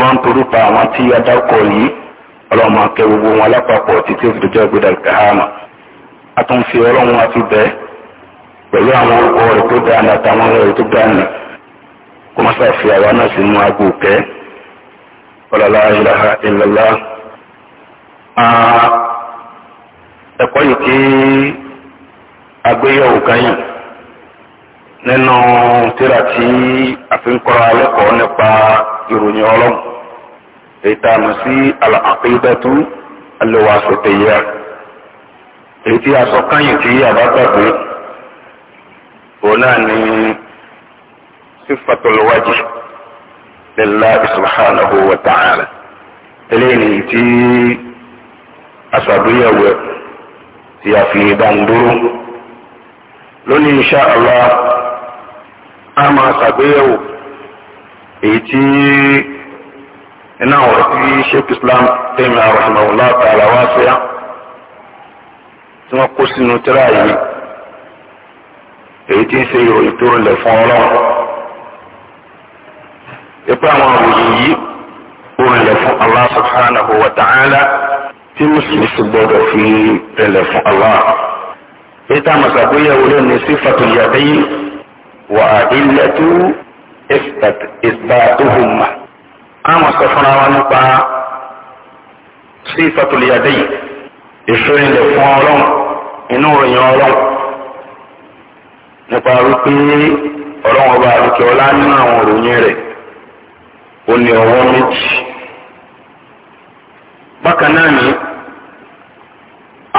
wọ́n ń torúkọ àwọn tí adákọ̀ yìí ọlọ́run máa kẹ́ gbogbo wọn lápapọ̀ títí ó fi dọjọ́ ìgbéda kàhámà a tún fi ọlọ́run àti bẹ́ẹ̀ pẹ̀lú àwọn orúkọ rẹ̀ tó dáa ní àtàwọn ọ̀rọ̀ rẹ̀ tó dáa ní kó má ṣàfi àwa náà sínú agbo kẹ́ ọ̀làlá ìlàhà ìlàlá. ẹ̀kọ́ yìí kí agbéyẹ̀wò kányìn nínú tíra tí a fi ń kọ́ra lẹ́kọ̀ọ́ nípa ìròyìn ọlọ́run ìtààmù sí àkídàtú al-wāsiṭiyyah èyí tí a sọ káyìn tí àbá gbàgbé òun náà ní sifatul wajh lillahi subhanahu wa ta'ala eléyìí tí a tí a fi ìdánidúró lónìí insha Allah a máa èyí tí iná ọ̀rọ̀ tí sheikh islam tẹ̀mí àròsìmọ̀wòlá tààrà wá sẹ́yà tí wọ́n kó sínú tírà yìí èyí tí ń ṣe ìròyìn tó rìnlẹ̀ fún ọlọ́run ipa àwọn ìròyìn yìí ó rìnlẹ̀ fún allah subhanahu wa ta'ala tí mùsùlùmí sì gbọdọ̀ fi rìnlẹ̀ fún allah èyí tá a mọ̀ sàgbéyàwó lónìí sífàtò yàdéyìí wà á àmọ́ sọ fúnra wa nípa sí ìfọ̀tòlìyàdé yìí ìfúnilẹ̀ fún ọlọ́run inú ìròyìn ọlọ́run nípa wípé ọlọ́run ọba àdúkẹ́ ọlá nínú àwọn ìròyìn rẹ̀ ó ní ọwọ́ méjì bákan náà ni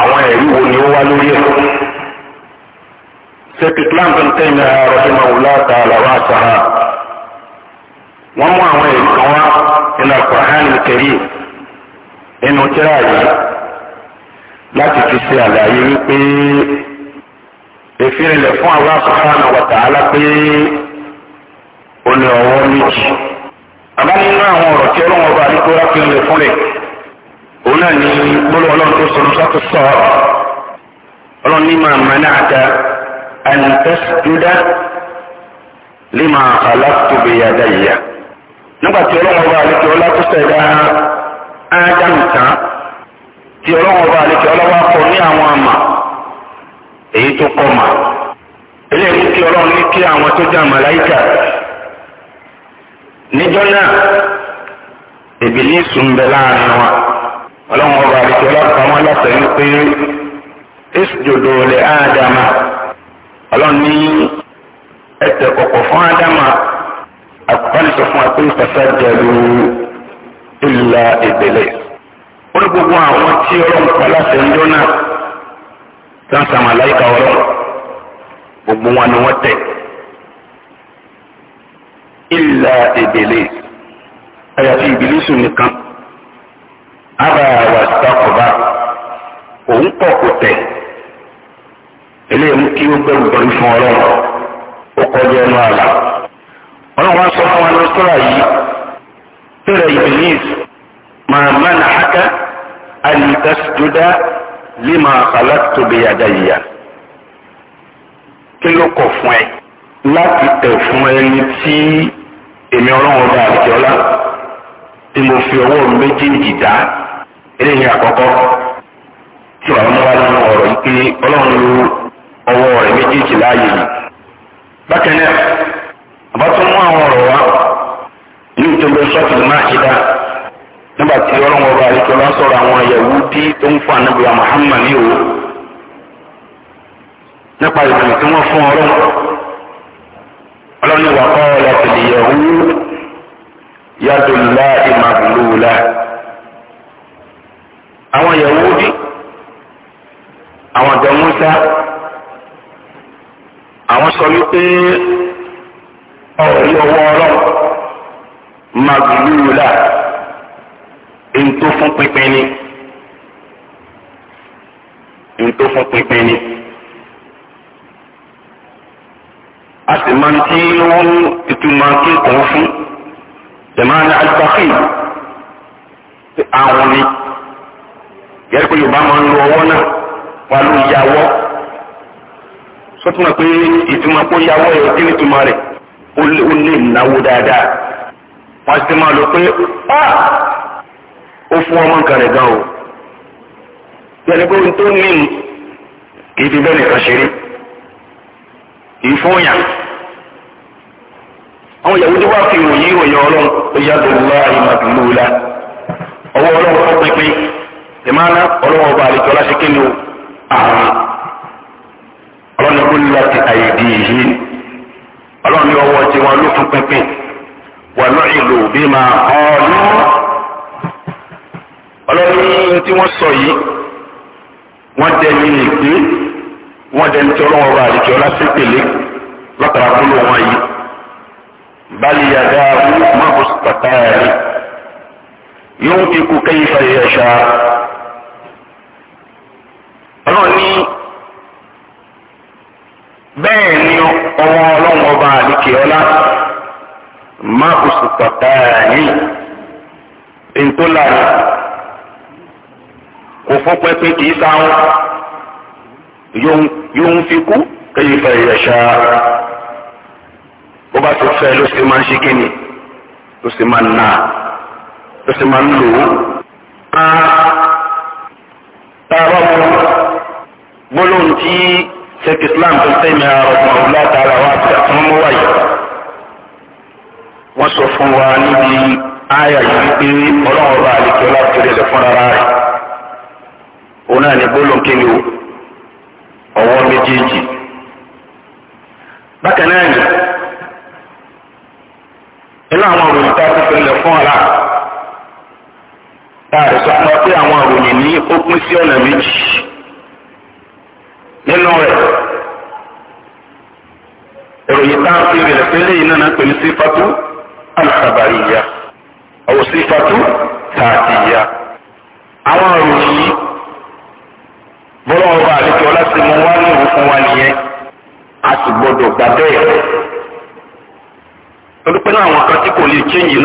àwọn ẹ̀rí wo ni ó wá lórí ẹ̀ sẹ́kì plant ń tẹ̀yìn ara rẹ̀ fún ọ̀hún láta àlàwà àṣà wọ́n mú àwọn èèkàn wá nínú Al-Qur'an Al-Karim nínú tírà yìí láti fi ṣe àlàyé wípé ìfìrìnlẹ̀ fún Allah subhanahu wa ta'ala pé ó ní ọwọ́ méjì. àbá nínú àwọn ọ̀rọ̀ tí ọlọ́wọ́ bá àdúgbò rákìlẹ̀ fúnlẹ̀ òun náà ní gbólóhùn ọlọ́run tó sọ̀rọ̀ sọ́tò sọ̀rọ̀ ọlọ́run ní màá mọ̀ náà ta an tasjuda lima khalaqtu biyadayya nígbà tí ọlọ́run ọba àlejò ọlá tó ṣẹ̀dá ádámù tán tí ọlọ́run ọba àlejò ọlọ́wọ́ akọ ní àwọn àmà èyí tó kọ́ mà eléyìí tí ọlọ́run ní kí àwọn tó jẹ́ àmàláyíkà níjọ́ náà ìbílísù ń bẹ láàrin wa ọlọ́run ọba àlejò ọlọ́pàá wọn láti rí pé ìsìjòdò lè ádámà ọlọ́run ní ẹsẹ̀ kọ̀kọ̀ fún ádámà àkọ́lé sọ fún wa pé ìfàsájàlú ìlà ìbẹ̀lẹ̀ ó ní gbogbo àwọn tí ọlọ́run pa láti ẹjọ́ náà tí wọ́n sàmà láyìíká ọlọ́run gbogbo wọn ni wọ́n tẹ̀ ìlà ìbẹ̀lẹ̀ àyàfi ìbílísù nìkan ábà wà sákòbá òun kọ̀ kò tẹ̀ eléyìí mú kí ó gbẹ̀rù bẹ̀rù fún ọlọ́run ó kọjú ẹnu àlà ọlọ́run wá sọ àwọn anọ́sọ́rà yìí tẹ̀rẹ̀ ìbìlíìs máa má nà áká àlìtàṣídúdá lè máa fàlà tóbi àdáyìyà kí ló kọ̀ fún ẹ láti tẹ̀ fún ẹni tí èmi ọlọ́run ọba àjọlá tí mo fi ọwọ́ méjèèjì dá eléyìí àkọ́kọ́ tí wàá mú wa nínú ọ̀rọ̀ yìí pé ọlọ́run lu ọwọ́ rẹ̀ méjèèjì láàyè yìí bákan náà. àbátún wa àwọn ọ̀rọ̀ wá ní ìjọba sọ́ọ̀tì náà ìdá nígbà tí ọlọ́wọ́ bá àlejò lọ sọ̀rọ̀ àwọn àyẹ̀wò tí ó ń fún anábìyà Muhammad ní òwò nípa ìbẹ̀rẹ̀ tí wọ́n fún ọlọ́wọ́ ọlọ́ni wà kọ́ ọ̀làtìlì yẹ̀wò Musa ọ̀rí ọwọ́ ọlọ́run magulula ntó fún pínpín ni ntó fún pínpín ni a sì máa ń tí wọ́n ìtumọ̀ kíkọ́ fún tẹ̀mánà àgbàfẹ́ àwọn ni yẹ́rì pé yorùbá máa ń lo ọwọ́ náà wà ló yàwọ́ sọ́tún pé ìtumọ̀ pé yàwọ́ yóò kí ni ìtumọ̀ rẹ̀ ó lè náwó dáadáa wọ́n ti máa lọ pé ó fún ọmọ nǹkan rẹ̀ gan o yẹni pé ohun tó ní kì í fi bẹ́ẹ̀ nìkan ṣeré kì í fún yàn àwọn ìyàwó tí wàá fi ìròyìn ìròyìn ọlọ́run ó yá tó wá ìmàdúlóòlá ọwọ́ ọlọ́run fún pínpín ìmáná ọlọ́run ọba àlejò aláṣẹ o àrùn ọlọ́run kò ní láti àyè di ìyí ọlọ́run ní ọwọ́ tí wọn ló fún pínpín wà lọ́yìn lò bí máa ọ̀ọ́lú ọlọ́run tí wọ́n sọ yìí wọ́n dẹni ìgbé wọ́n dẹni tí ọlọ́run ọba àdìkẹ́ ọlásí pèlé lọ́tara kúlò wọn yìí bali yàrá wú mọ́bù pàtà rẹ̀ yóò fi kú kẹ́yìn fàyẹ̀ ṣá ọlọ́run ní bẹ́ẹ̀ ni ọwọ́ ọlọ́run ọba àdìkè ọlá máa kò sì pàtà yìí ètò lára kò fún pẹpẹ kì í sáwọn yóò ń fi kú kéyìí fẹ ìyẹ̀ṣà bó bá ti fẹ́ ló sì máa ń ṣe kíni ló sì máa ń nà ló sì máa ń lò ó. tá a bá mú gbólóhùn tí. sheikh islam tó ń tẹ́mi àrò ọ̀gbọ̀nlá tààrà wa àti àtúnmọ́ wáyé wọ́n sọ fún wa níbi àyà yìí wípé ọlọ́run bá àlejò láti rí ẹ̀lẹ́ fúnra rẹ̀ òun náà ní gbólóńkéni o ọwọ́ méjèèjì bákan náà ni inú àwọn òròyìn tá a ti fẹ́lẹ̀ fún ọ̀la a rẹ̀ sọ pé àwọn òròyìn ní nínú rẹ̀ ìròyìn tá a fi rẹ̀ pé lẹ́yìn náà pè ní sífàtú alkhabariya àwọn sífàtú tààtìyà àwọn ìròyìn yìí bọ́lá ọba àlejò láti mú wá ní ìwé fún wa nìyẹn a sì gbọdọ̀ gbà bẹ́ẹ̀ lọ́dún pẹ́ àwọn kan tí kò lè chéǹjì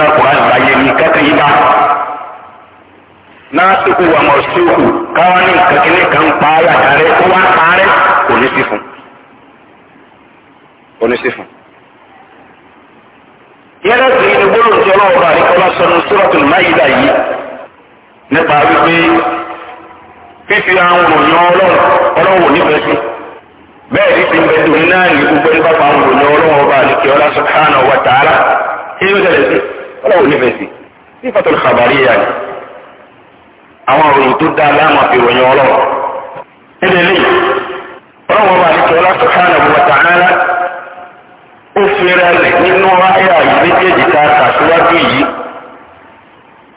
násìkò wà mọ̀síkù káwọn ní nǹkan kínní kan ń pa ayé àtàrẹ kó wá parẹ́ kò ní sí fún kò ní sí fún. yẹ́rẹ́ sì ni gbólóhùn tí ọlọ́run bá àríkọ́lá sọnù sóràtún máyídà yìí nípa wípé fífi àwọn òyìn ọlọ́run ọlọ́run nífẹ̀ẹ́ sí bẹ́ẹ̀ ní ti bẹ́ẹ̀ dùn náà ní gbogbo nípa àwọn òyìn ọlọ́run ọba àríkọ́lá subhanahu wa ta'ala kí ló tẹ̀lé sí ọlọ́run nífẹ̀ẹ́ sí sífàtúlù kàbárí àwọn òròyìn tó dáa láàmú àfihàn ọlọ́run. níbi eléyìí ọlọ́run ọba àti ọlá subhanahu wa ta'ala ó fẹ́rẹ́ rẹ̀ nínú ayé àyè méjèèjì tá a kà yìí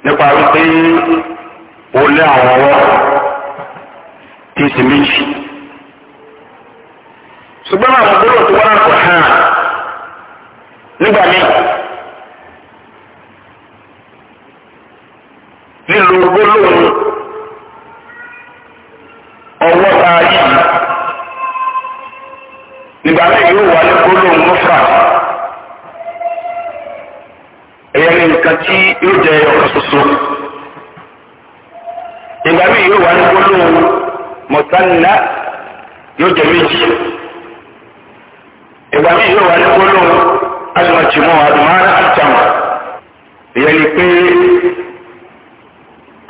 nípa wípé ó lé àwọn ọwọ́ tí sì méjì. ṣùgbọ́n àwọn tó nílò gbólóhùn ọwọ́ ta yìí nígbà náà yóò wà ní gbólóhùn mọ́fà ẹ̀yẹ ní nǹkan tí yóò jẹ ọ̀kan ṣoṣo ìgbà míì yóò wà ní gbólóhùn mọ̀tánná yóò jẹ méjì ìgbà míì yóò wà ní gbólóhùn alùmọ̀tìmọ̀ àdùmọ̀ àdùmọ̀ ìyẹn ni pé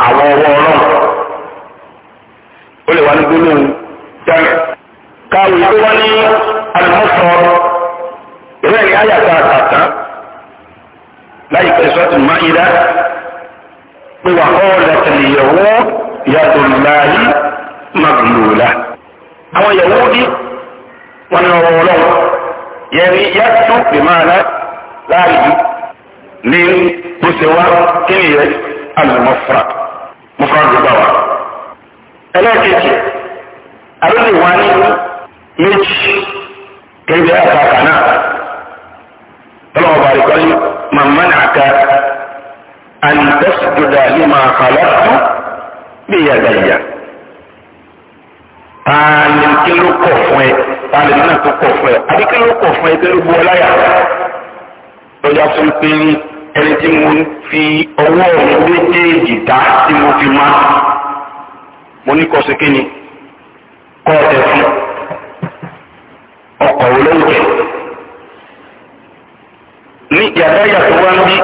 àwọn ọwọ́ ọlọ́run ó lè wá ní gbólóhùn jẹ́mi. káwé tó wá ní alimọ́sọ ìwé ní àyàtọ̀ àtàtà láìpẹ́ sọ́ọ̀tì máyídá pé wà ọ́ lẹ́tẹ̀lẹ̀ ìyẹ̀wò ìyàtọ̀ láàyè màgùlùlà. àwọn ìyẹ̀wò dí wọn ní ọwọ́ ọlọ́run yẹni yàtọ̀ ìmáàlá láàyè ní bó ṣe wá kí ni yẹ alimọ́fra mufrad gbà wá. ẹlẹ́ẹ̀kejì àlejò wa ní méjì kébé àtàkà náà ọlọ́wọ́ bá rí kọ́lé màmá ní àká àǹtẹ́sùdùdà ní màá kàlọ́ fún bí yàgà yà. Tààlì kọ̀ fún ẹ? Tààlì kọ̀ fún ẹ? Àbí kọ̀ fún ẹ pé bu ọláyà? Lọ́jà fún pé ẹni tí mo fi ọwọ́ mi méjèèjì dá tí mo fi má mo ní kọ́ sí kí ni kọ́ ọ̀tẹ̀ fún ọkọ̀ olóòjẹ ní yàtọ̀ yàtọ̀ wá ń bí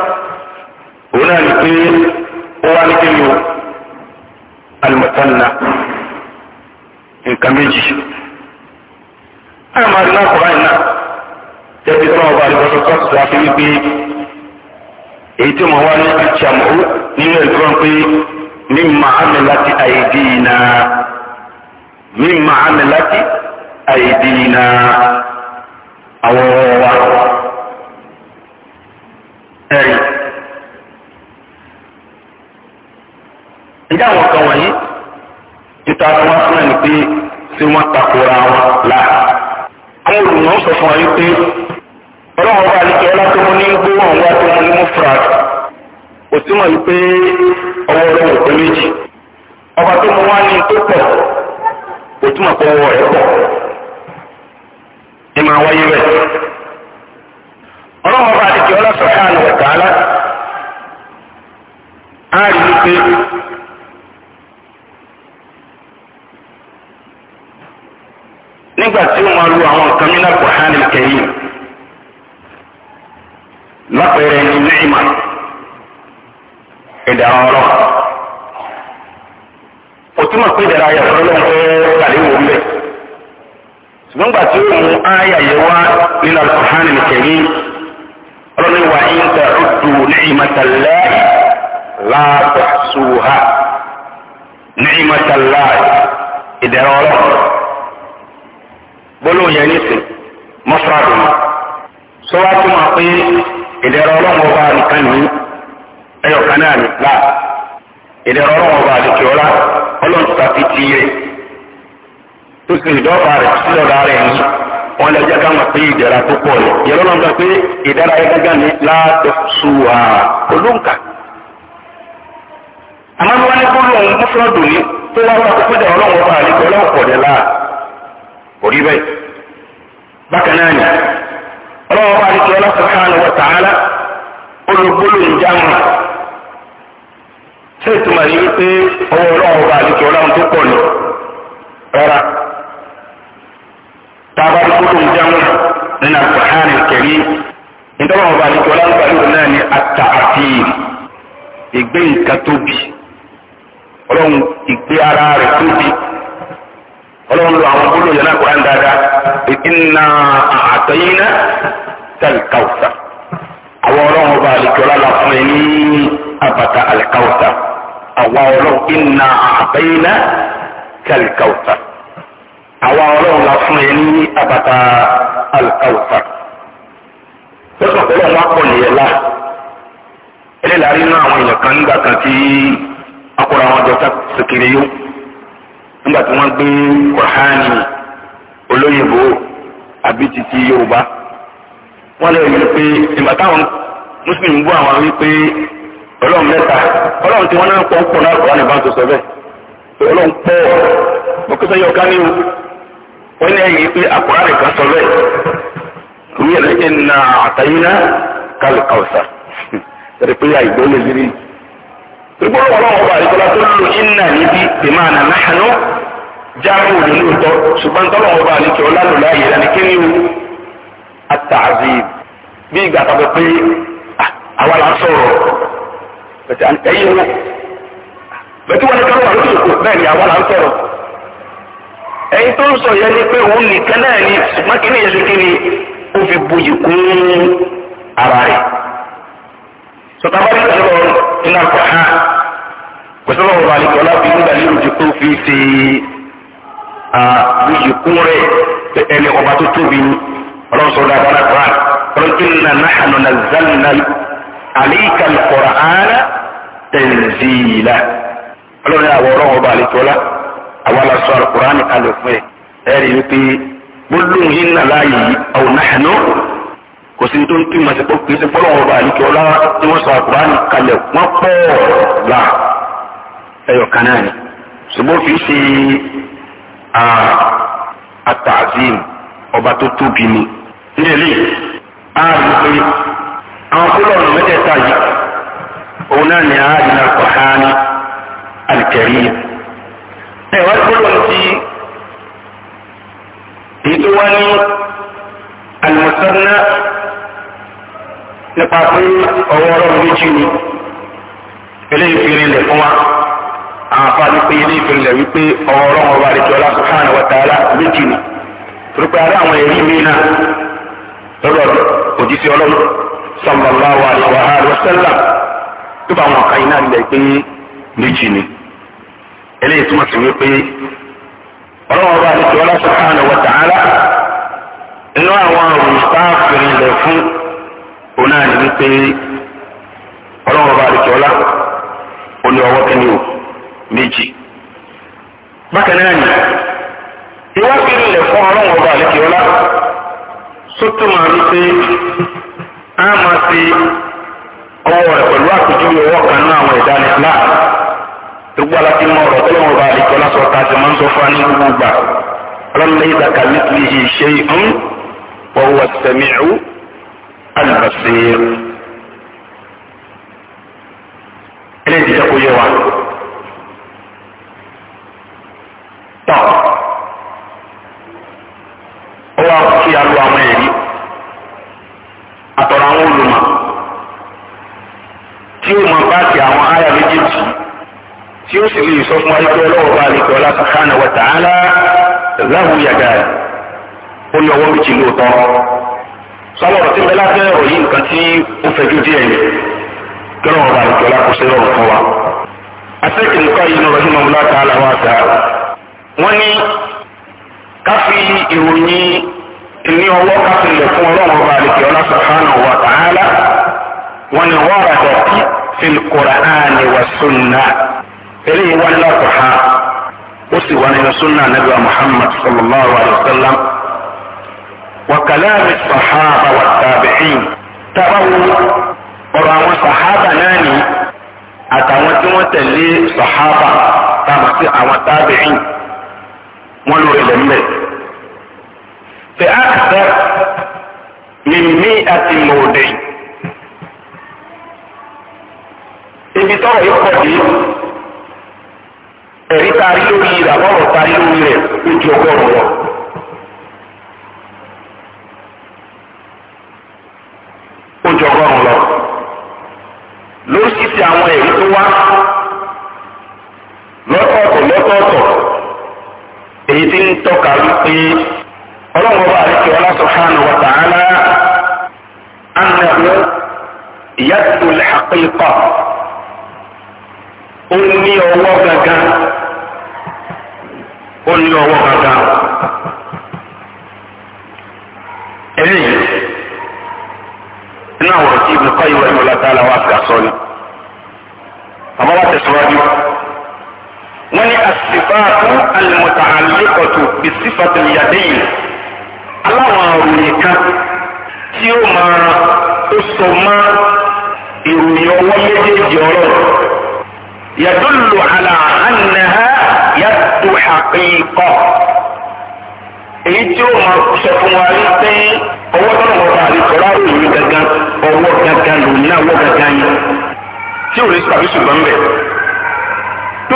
òun náà ní pé ó wá ní kí o alimọ̀tánná nǹkan méjì àmàlí náà náà jẹ́ bí sọ́wọ́ bá àti wípé. èyí tí mo wá ní ìjàmù nínú ìgbọ́n pé mímọ àmì láti àìdí iná mímọ àmì láti àìdí iná àwọn ọ̀rọ̀ wa ẹ̀rí. ǹjẹ́ àwọn kan wọ̀nyí títà tí wọ́n fún ẹ̀ ní pé tí wọ́n takora wọn àwọn ọlọ́run ọba alikẹ́ ọlá tó mú ní gbóhùn wá tó mú ní mufrad kò túmọ̀ pé ọwọ́ rẹ̀ wò ọba tó mú wá ní tó pọ̀ kò túmọ̀ pé ọwọ́ rẹ̀ pọ̀ ní wáyé rẹ̀ ọlọ́run ọba alikẹ́ alá á rí i pé nígbà tí lápẹẹrẹ ní nẹ́ẹ̀mà ìdára ọ̀rọ̀ òtúmọ̀ pé ìdára ayọ̀ ọ̀rọ̀ lọ́wọ́ fẹ́ kàlẹ́ wò mbẹ́ ṣùgbọ́n gbà tí ó mú ayà yẹ wá nínú alùpùpù nìkẹ́rí ọlọ́ni wà ń tẹ ọdù nẹ́ẹ̀màtàlá látọ̀sùwà nẹ́ẹ̀màtàlá ìdára ọ̀rọ̀ gbólóhùn yẹn nísìn mọ́ṣáàdùn sọ tó máa pé ìdẹ̀rọ ọlọ́run ọba nìkan nìyí ẹyọ kan náà ní gbà ìdẹ̀rọ ọlọ́run ọba àdìkì ọlá ọlọ́run ta fi ti rẹ̀ tó sì ìdọ́gba rẹ̀ sí ọ̀dà rẹ̀ yìí wọn lè jẹ́ káwọn pé ìdẹ̀ra tó pọ̀ lẹ̀ yẹ̀rọ náà gbà pé ìdára yẹn gángan ní láàtọ̀ sùwà olóǹkà. àmọ́ wọn ní kúrò òun mú dùn ní tó wá wọn kó dẹ̀ ọlọ́run ọba àdìkì ọlọ́run pọ̀ ọlọ́wọ́ bá nìkẹ́ ọlá subhanahu wa ta'ala olùgbòlù ìjàmù ṣé ìtumọ̀ yìí wípé ọwọ́ ọlọ́wọ́ bá nìkẹ́ ọlá tó pọ̀ ní rárá tábà gbòlù ìjàmù nínú àkùnrin kẹrí ìdọ́wọ́ bá nìkẹ́ ọlá igbe náà ní igbe ìgbé nǹkan tóbi ọlọ́run ìgbé ara rẹ̀ tóbi ọlọ́run lo iná àtẹ̀yìnà tẹ̀lkàwùsà àwọn ọlọ́run ọba àlejòlá la fún ẹ ní abàtà àlkàwùsà àwọn ọlọ́run iná àtẹ̀yìnà tẹ̀lkàwùsà àwọn ọlọ́run la fún ẹ ní abàtà àlkàwùsà lọ́sọ̀ pẹ̀lú àwọn akọ̀nìyàn la ẹlẹ́ la rí inú àwọn èèyàn kan nígbà kan tí akọ̀rọ̀ àwọn ọjọ́ sókèrè yó nígbà tí wọ́n gbé kọ̀hánì olóyìnbó àbí titi yorùbá wọ́n lè rí i pé ìgbà táwọn mùsùlùmí bú àwọn wípé ọlọ́run mẹ́ta ọlọ́run tí wọ́n náà pọ̀ pọ̀ náà kọ́ra nìbá tó sọ bẹ́ẹ̀ ọlọ́run pọ̀ ọkọ̀tọ̀ yọ kání o wọ́n ní ẹ̀yìn pé àkùrá nìkan sọ bẹ́ẹ̀ orí ẹ̀ lẹ́yìn na àtàyínà kálí kàwùsà ẹ̀rí pé àìgbọ́ lè lérí. gbogbo ọlọ́run ọba àdìgbọ́lá tó lò ń nà níbi ìmáà nà náà jáàbù ní lóòótọ́ ṣùgbọ́n tọ́lọ̀ wọn bá a ní kí ọlá lò láàyè rẹ ah, ní kí ni o àtàzì bí ìgbà tàbí pé àwa là ń sọ̀rọ̀ bẹ̀tẹ̀ ẹ̀yìn wọn bẹ̀tẹ̀ wọn ní kálọ̀ àlọ́ tó bẹ́ẹ̀ ni àwa là sọ̀rọ̀ ẹ̀yin tó ń sọ yẹn ni pé òun nìkan náà ni ṣùgbọ́n kí yẹn ṣe kí ni fi buyì kún ara rẹ̀ sọtabali ẹ̀rọ iná kọ̀ ha kò wọn bá a ní kí yìí kún rẹ̀ ẹni ọba tó tóbi ni ọlọ́run sọ dáa bára kúrán ọlọ́run kí nà nàhànú nà zanna àlíkà lùkọ̀rọ̀ ààrẹ tẹ̀nzìlá ọlọ́run àwọn ọlọ́run ọba àlejòọ́lá àwọn aláṣọ àlùkùránì kalẹ̀ fún ẹ̀ ẹ̀rí wípé gbólóhùn yìí nà láàyè yìí àwọn nàhànú kò sí tó ń tún màsí pé kìí ṣe fọlọ́run ọba àlejòọ́lá tí wọ́n sọ àlùkùránì kalẹ̀ wọ́n pọ̀ àtàzìm ọba tó tóbi ni. ní eléyìí a rí pé àwọn kúlọ̀nù mẹ́tẹ̀ẹ̀ta yìí òun náà ni àádìní àkọ́hání àlìkẹ́rí. ẹ wá kúlọ̀nù ti èyí tó wá ní àlùmọ̀sánná nípa pé ọwọ́ ọlọ́run méjì ni eléyìí fi rinlẹ̀ fún wa àwọn afáàní pé ilé ìfìlẹ̀ wípé ọ̀rọ̀ ọba àdìkí ọlá subhanahu wa ta'ala méjì ni torípé ara àwọn ẹ̀rí mi náà lọ́dọ̀ òjíṣẹ́ ọlọ́run sallallahu alaihi wa sallam tó bá àwọn kan iná ilẹ̀ pé méjì ni eléyìí túmọ̀ sí wípé ọlọ́run ọba àdìkí ọlá subhanahu wa ta'ala inú àwọn àrùn sáfìrì lẹ̀ fún òun náà ni wípé ọlọ́run ọba àdìkí ọlá ó ní ọwọ́ kẹ́ni o méjì bákan náà ni ìwádìí ilẹ̀ fún ọlọ́run ọba àlekè ọlá sótò máa rí pé a máa fi ọwọ́ rẹ̀ pẹ̀lú àpèjúwe ọwọ́ kan náà àwọn ẹ̀dá ní fúlá gbogbo aláti mọ ọ̀rọ̀ tọ́lọ́run ọba àlekè ọlá sọ ta ti máa ń sọ fún wa ní gbogbo gbà ọlọ́run ìdàkà mithlihi shay'un wa huwa as-sami'u al-basir. eléyìí ti jẹ́ kó yé wa. tọ̀ ó wá kí a lo àwọn ẹ̀rí àtọ̀rọ̀ àwọn olùmọ̀ tí ó mọ báàkì àwọn àyà méjèèjì tí ó sì lè sọ fún ayé pé ọlọ́wọ́ bá lè pẹ́ ọlá sàkánà wa ta'ala láwùú yàgà rẹ̀ ó ní ọwọ́ méjì lóòótọ́ sọlọ́rọ̀ tí bẹ́lá fẹ́ ọ̀rọ̀ yìí nǹkan tí ó fẹjú díẹ̀ ni kí ọlọ́wọ́ bá lè pẹ́ ọlá kò sí rọrùn fún wa. atẹ́kìnìkọ́ yìí ní ọlọ́dún mọ́múlá ta'ala wa ta'ala. wọ́n ní káfí ìròyìn ní ọwọ́ káfí lè fún ọlọ́run ọba àlèkè ọlá subhanahu wa ta'ala wọ́n ní wọ́n rà dọ̀tí fil Qur'ani wa sunna eléyìí wọ́n lọ kọ̀ ha ó sì wọ́n nínú sunna nabi wa muhammad sallallahu alayhi wa sallam wa kalami sahaba wa tabi'in tabawo ọ̀rọ̀ àwọn sahaba náà ni àtàwọn tí wọ́n tẹ̀lé sahaba tàbí àwọn tabi'in. wọn ló rẹlẹ̀ ńbẹ̀. fẹ́ àkàtà mi ní àti mọ̀ọ́dẹ̀ ibi tọrọ yóò pọ̀ dé ẹ̀rí taari lórí rẹ̀ àbọ̀rọ̀ taari lórí rẹ̀ ojú ọgọ́rùn lọ. ojú ọgọ́rùn lọ. lóríṣiríṣi àwọn ẹ̀rí tó wá lọ́tọ̀ọ̀tọ̀ lọ́tọ̀ọ̀tọ̀ èyí tí ń tọ́ka wípé ọlọ́run bá àríkè ọlá subhanahu wa ta'ala annahu yaddu al-haqiqa ó ní ọwọ́ gangan ó ní ọwọ́ gangan eléyìí nínú àwọn ọ̀rọ̀ tí Ibn Qayyim rahimahullah ta'ala wà fi àsọ ni àmọ́ wá tẹ̀síwájú wọ́n ní àsìfáàtú àlùmọ̀tà àlékọ̀tù bìsífàtù yàdéyìn aláwọn àròyìn kan tí ó máa ó sọ mọ́ ìròyìn ọwọ́ méjèèjì ọ̀rọ̀ yàdúlù àlà ànàhà yàtò àkìkọ èyí tí ó máa sọ fún wa rí pé ọwọ́ tó lọ́wọ́ bá àlùkọ́rọ́ àròyìn gangan ọwọ́ gangan lòun náà wọ́ gangan yìí tí ò lè sàbí ṣùgbọ́n bẹ́ẹ̀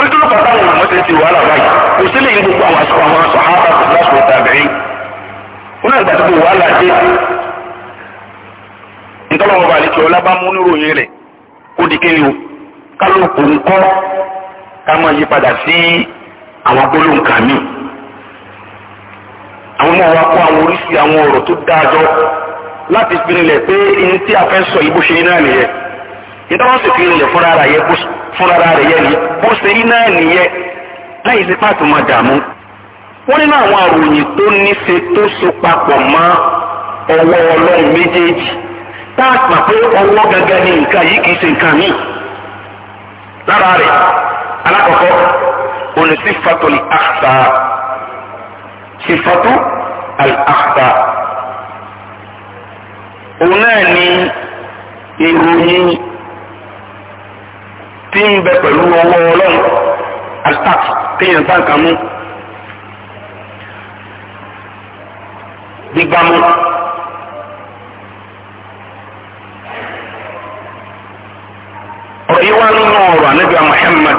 torí tó lọ́pàá táwọn ọmọ ti ti wàhálà báyìí kò sí lè yí gbogbo àwọn àsìkò àwọn sọ̀hábà tó lásìkò tàbí wọn náà gbàdúgbò wàhálà dé ntọ́lọ́wọ́ bá àlejò ọlábàmú níròyìn rẹ̀ kó di kéwì o kálukú ńkọ́ ká máa yí padà sí àwọn gbólóhùn kàmí àwọn ọmọ wa kó àwọn oríṣi àwọn ọ̀rọ̀ tó dáa jọ láti fi rinlẹ̀ pé ní tí a fẹ́ sọ yìí bó ṣe iná nìyẹn ìtọ́wọ́sì fi rinlẹ̀ fúnra rà yẹ bó sùn fúnra rẹ̀ yẹn ni bó ṣe rí náà nìyẹn láyé sí pàtó máa dààmú. wọ́n nínú àwọn àròyìn tó níṣe tó so papọ̀ mọ́ ọwọ́ ọlọ́run méjèèjì tá a pà pé ọwọ́ gangan ni nǹkan yìí kì í ṣe nǹkan míì. lára rẹ̀ alákọ̀ọ́kọ́ onísìfàtò àkàtà sìfàtò àkàtà òun náà ni ìròyìn tí ń bẹ pẹ̀lú ọwọ́ ọlọ́run alpak téèyàn bá nǹkan mú gbígbá mú. ọ̀rọ̀ yìí wá nínú ọ̀rọ̀ ànábì Muhammad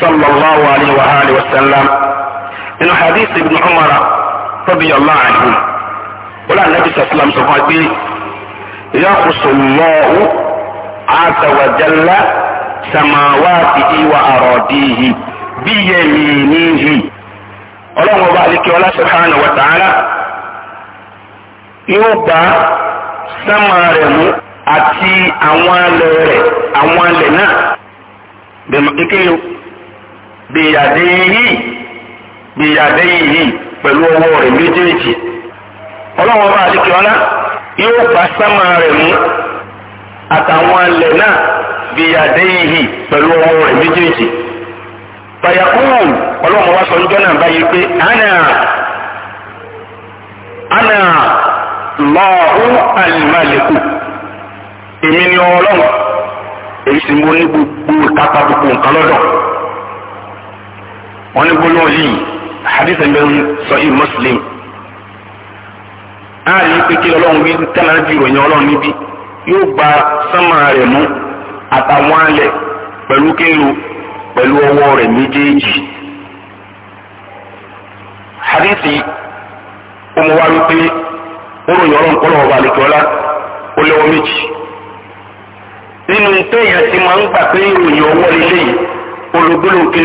sallallahu alayhi wa alihi wa sallam nínú hadith ibn Umar radiyallahu anhu wọ́n lé ànábì sallam sọ fún pé yàtọ̀ sọ̀rọ̀ lọ́wọ́. azza wa jalla wa aradihi biyaminihi ọlọ́run ọba àdìkẹ́ ọlá subhanahu wa ta'ala yóò gba sánmà rẹ̀ mú àti àwọn alẹ̀ rẹ̀ àwọn alẹ̀ náà bẹ̀rẹ̀ kékeré bèyàdé yìí bèyàdé yìí pẹ̀lú ọwọ́ rẹ̀ méjèèjì ọlọ́run ọba ọlá yóò sánmà rẹ̀ mú àtàwọn alẹ̀ náà bí àdéhìhì pẹ̀lú ọwọ́ rẹ̀ méjèèjì. fàyàkùn ọlọ́mọ wa sọ njọ náà báyìí pé àná ana lọ́ọ̀hún àlùmọ́lẹ́kù èmi ni ọlọ́run èyí sì mo ní gbogbo kápá gbogbo nǹkan wọn ní gbólóhùn yìí hadith ń sọ yìí Muslim. a lè pe kí ọlọ́run wí tẹ́lẹ̀ ìròyìn ọlọ́run yóò gba sánmà rẹ̀ mú àtàwọn alẹ̀ pẹ̀lú kéru pẹ̀lú ọwọ rẹ̀ méjèèjì. hadisi ọmọ wa wípé ó ròyìn ọlọ́run kọ́ ó lọ́wọ́ méjì. nínú téèyàn tí ma ń gbà pé ìròyìn ọwọ́ fi lẹ̀ fún wa wípé ó fi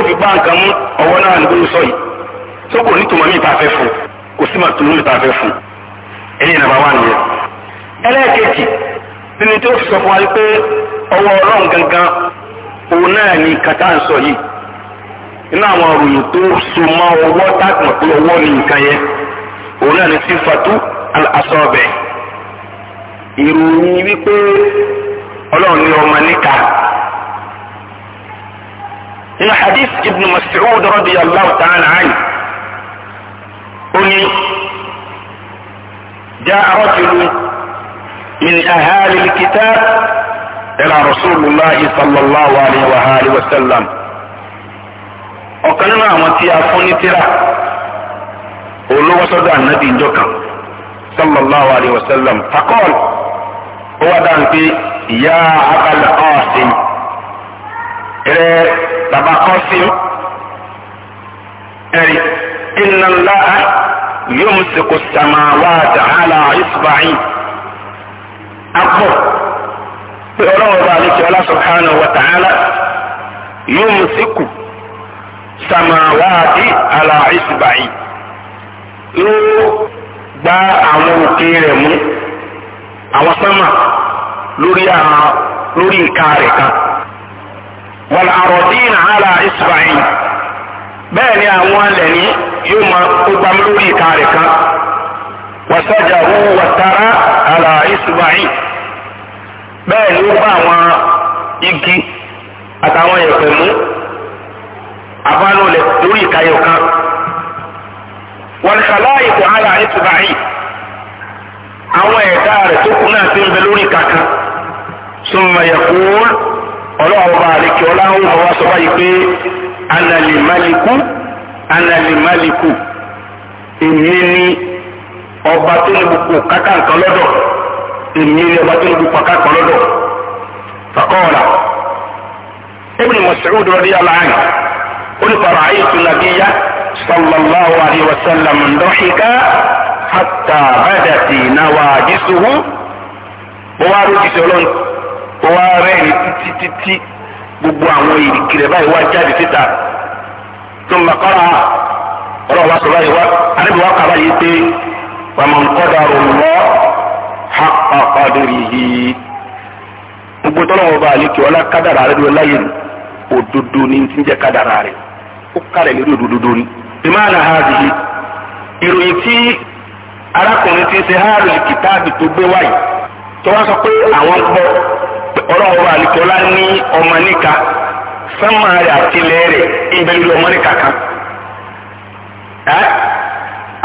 nǹkan mú ọwọ́ náà sọ yìí. tó kò ní tòmọ́ mi ta fẹ́ fún kò sí màtúmọ́ mi ta fẹ́ fún ẹ̀yìn nàbà wà nìyẹn. ẹlẹ́ẹ̀kejì nínú tí ó fi sọ fún wa pé ọwọ́ ọlọ́run gangan òun náà ni kàtà ń sọ yìí nínú àwọn òròyìn tó so mọ́ ọwọ́ tágbọ̀n pé ọwọ́ ni nǹkan yẹn òun náà ni sífàtú asọ́ọ̀bẹ̀ ìròyìn wípé ọlọ́run ni ọmọ níka. nínú hadith ibn Mas'ud radiyallahu ta'ala anhu ó ní já arọ́jùlù min ahali kitab ila rasulillah sallallahu alayhi wa alayhi wa sallam ọ̀kan nínú àwọn tí a fún ní tírà olówó sọ́dọ̀ ànábì ìjọ kan sallallahu alayhi wa sallam fakọ́l ó wá dáhùn pé ìyá abalẹ̀ ọ̀sìn rẹ̀ bàbá kọ́sìn inna Allaha yumsiku as-samawati ala isba'i akpọ̀ pé ọlọ́wọ́ bá alẹ́ kí ọlá subhanahu wa ta'ala yumsiku samawati ala isba'i yóò gba àwọn òkè rẹ̀ mú àwọn sánmà lórí àwọn lórí ìka rẹ̀ kan wal ardina ala isba'i bẹ́ẹ̀ ni àwọn alẹ̀ ní yóò máa kó gbámú lórí ìka rẹ̀ kan wàsájà wú wàtara àlà ìsúbàáyì bẹ́ẹ̀ ni ó bá àwọn igi àtàwọn ẹ̀pẹ̀ mú àbálòlẹ̀ lórí ìka yọ̀ kan wàlùsàlá ìkò àlà ìsúbàáyì àwọn ẹ̀dá rẹ̀ tó kù náà ti ń bẹ lórí ìka kan summa yaqul ọlọ́run bá àlekè ọláhùn ọwọ́ sọ báyìí pé analimaliku analimaliku èmi ni ọba tó ní gbogbo káká nǹkan lọ́dọ̀ èmi ni ọba tó ní gbogbo káká nǹkan lọ́dọ̀ fakọ́ọ̀là Ibn Mas'ud radiyallahu anhu olùkọ́ra ayé tún nàbíyá sallallahu alayhi wa sallam ndọ́xìká hatta bàdàtì náwàá jésù hu bọ́wá rújì sọlọ́nù ó wá rẹ́ni títí títí gbogbo àwọn ìrìkì rẹ̀ báyìí wá jáde síta tó ń bá kọ́ra ọlọ́run wá sọ báyìí wá àdébí wá kà báyìí pé wàmọ̀ nkọ́dà rò lọ́ ha ọ̀kadìrì yìí gbogbo tọ́lọ́wọ́ bá àlékè ọlá kádàrà rẹ̀ ló láyè òdodo ní ti ń jẹ́ kádàrà rẹ̀ ó kárẹ̀ lórí òdodo ni. ìmáàlà ha yìí ìròyìn tí arákùnrin ti ṣe hàrùn kìtáàbì tó gbé wáyìí tó wá sọ pé àwọn gbọ́ ọlọ́run wa àlùkọ́lá ní ọmọ níka sánmà rẹ̀ àti ilẹ̀ rẹ̀ ìbẹ̀rẹ̀ ọmọ níka kan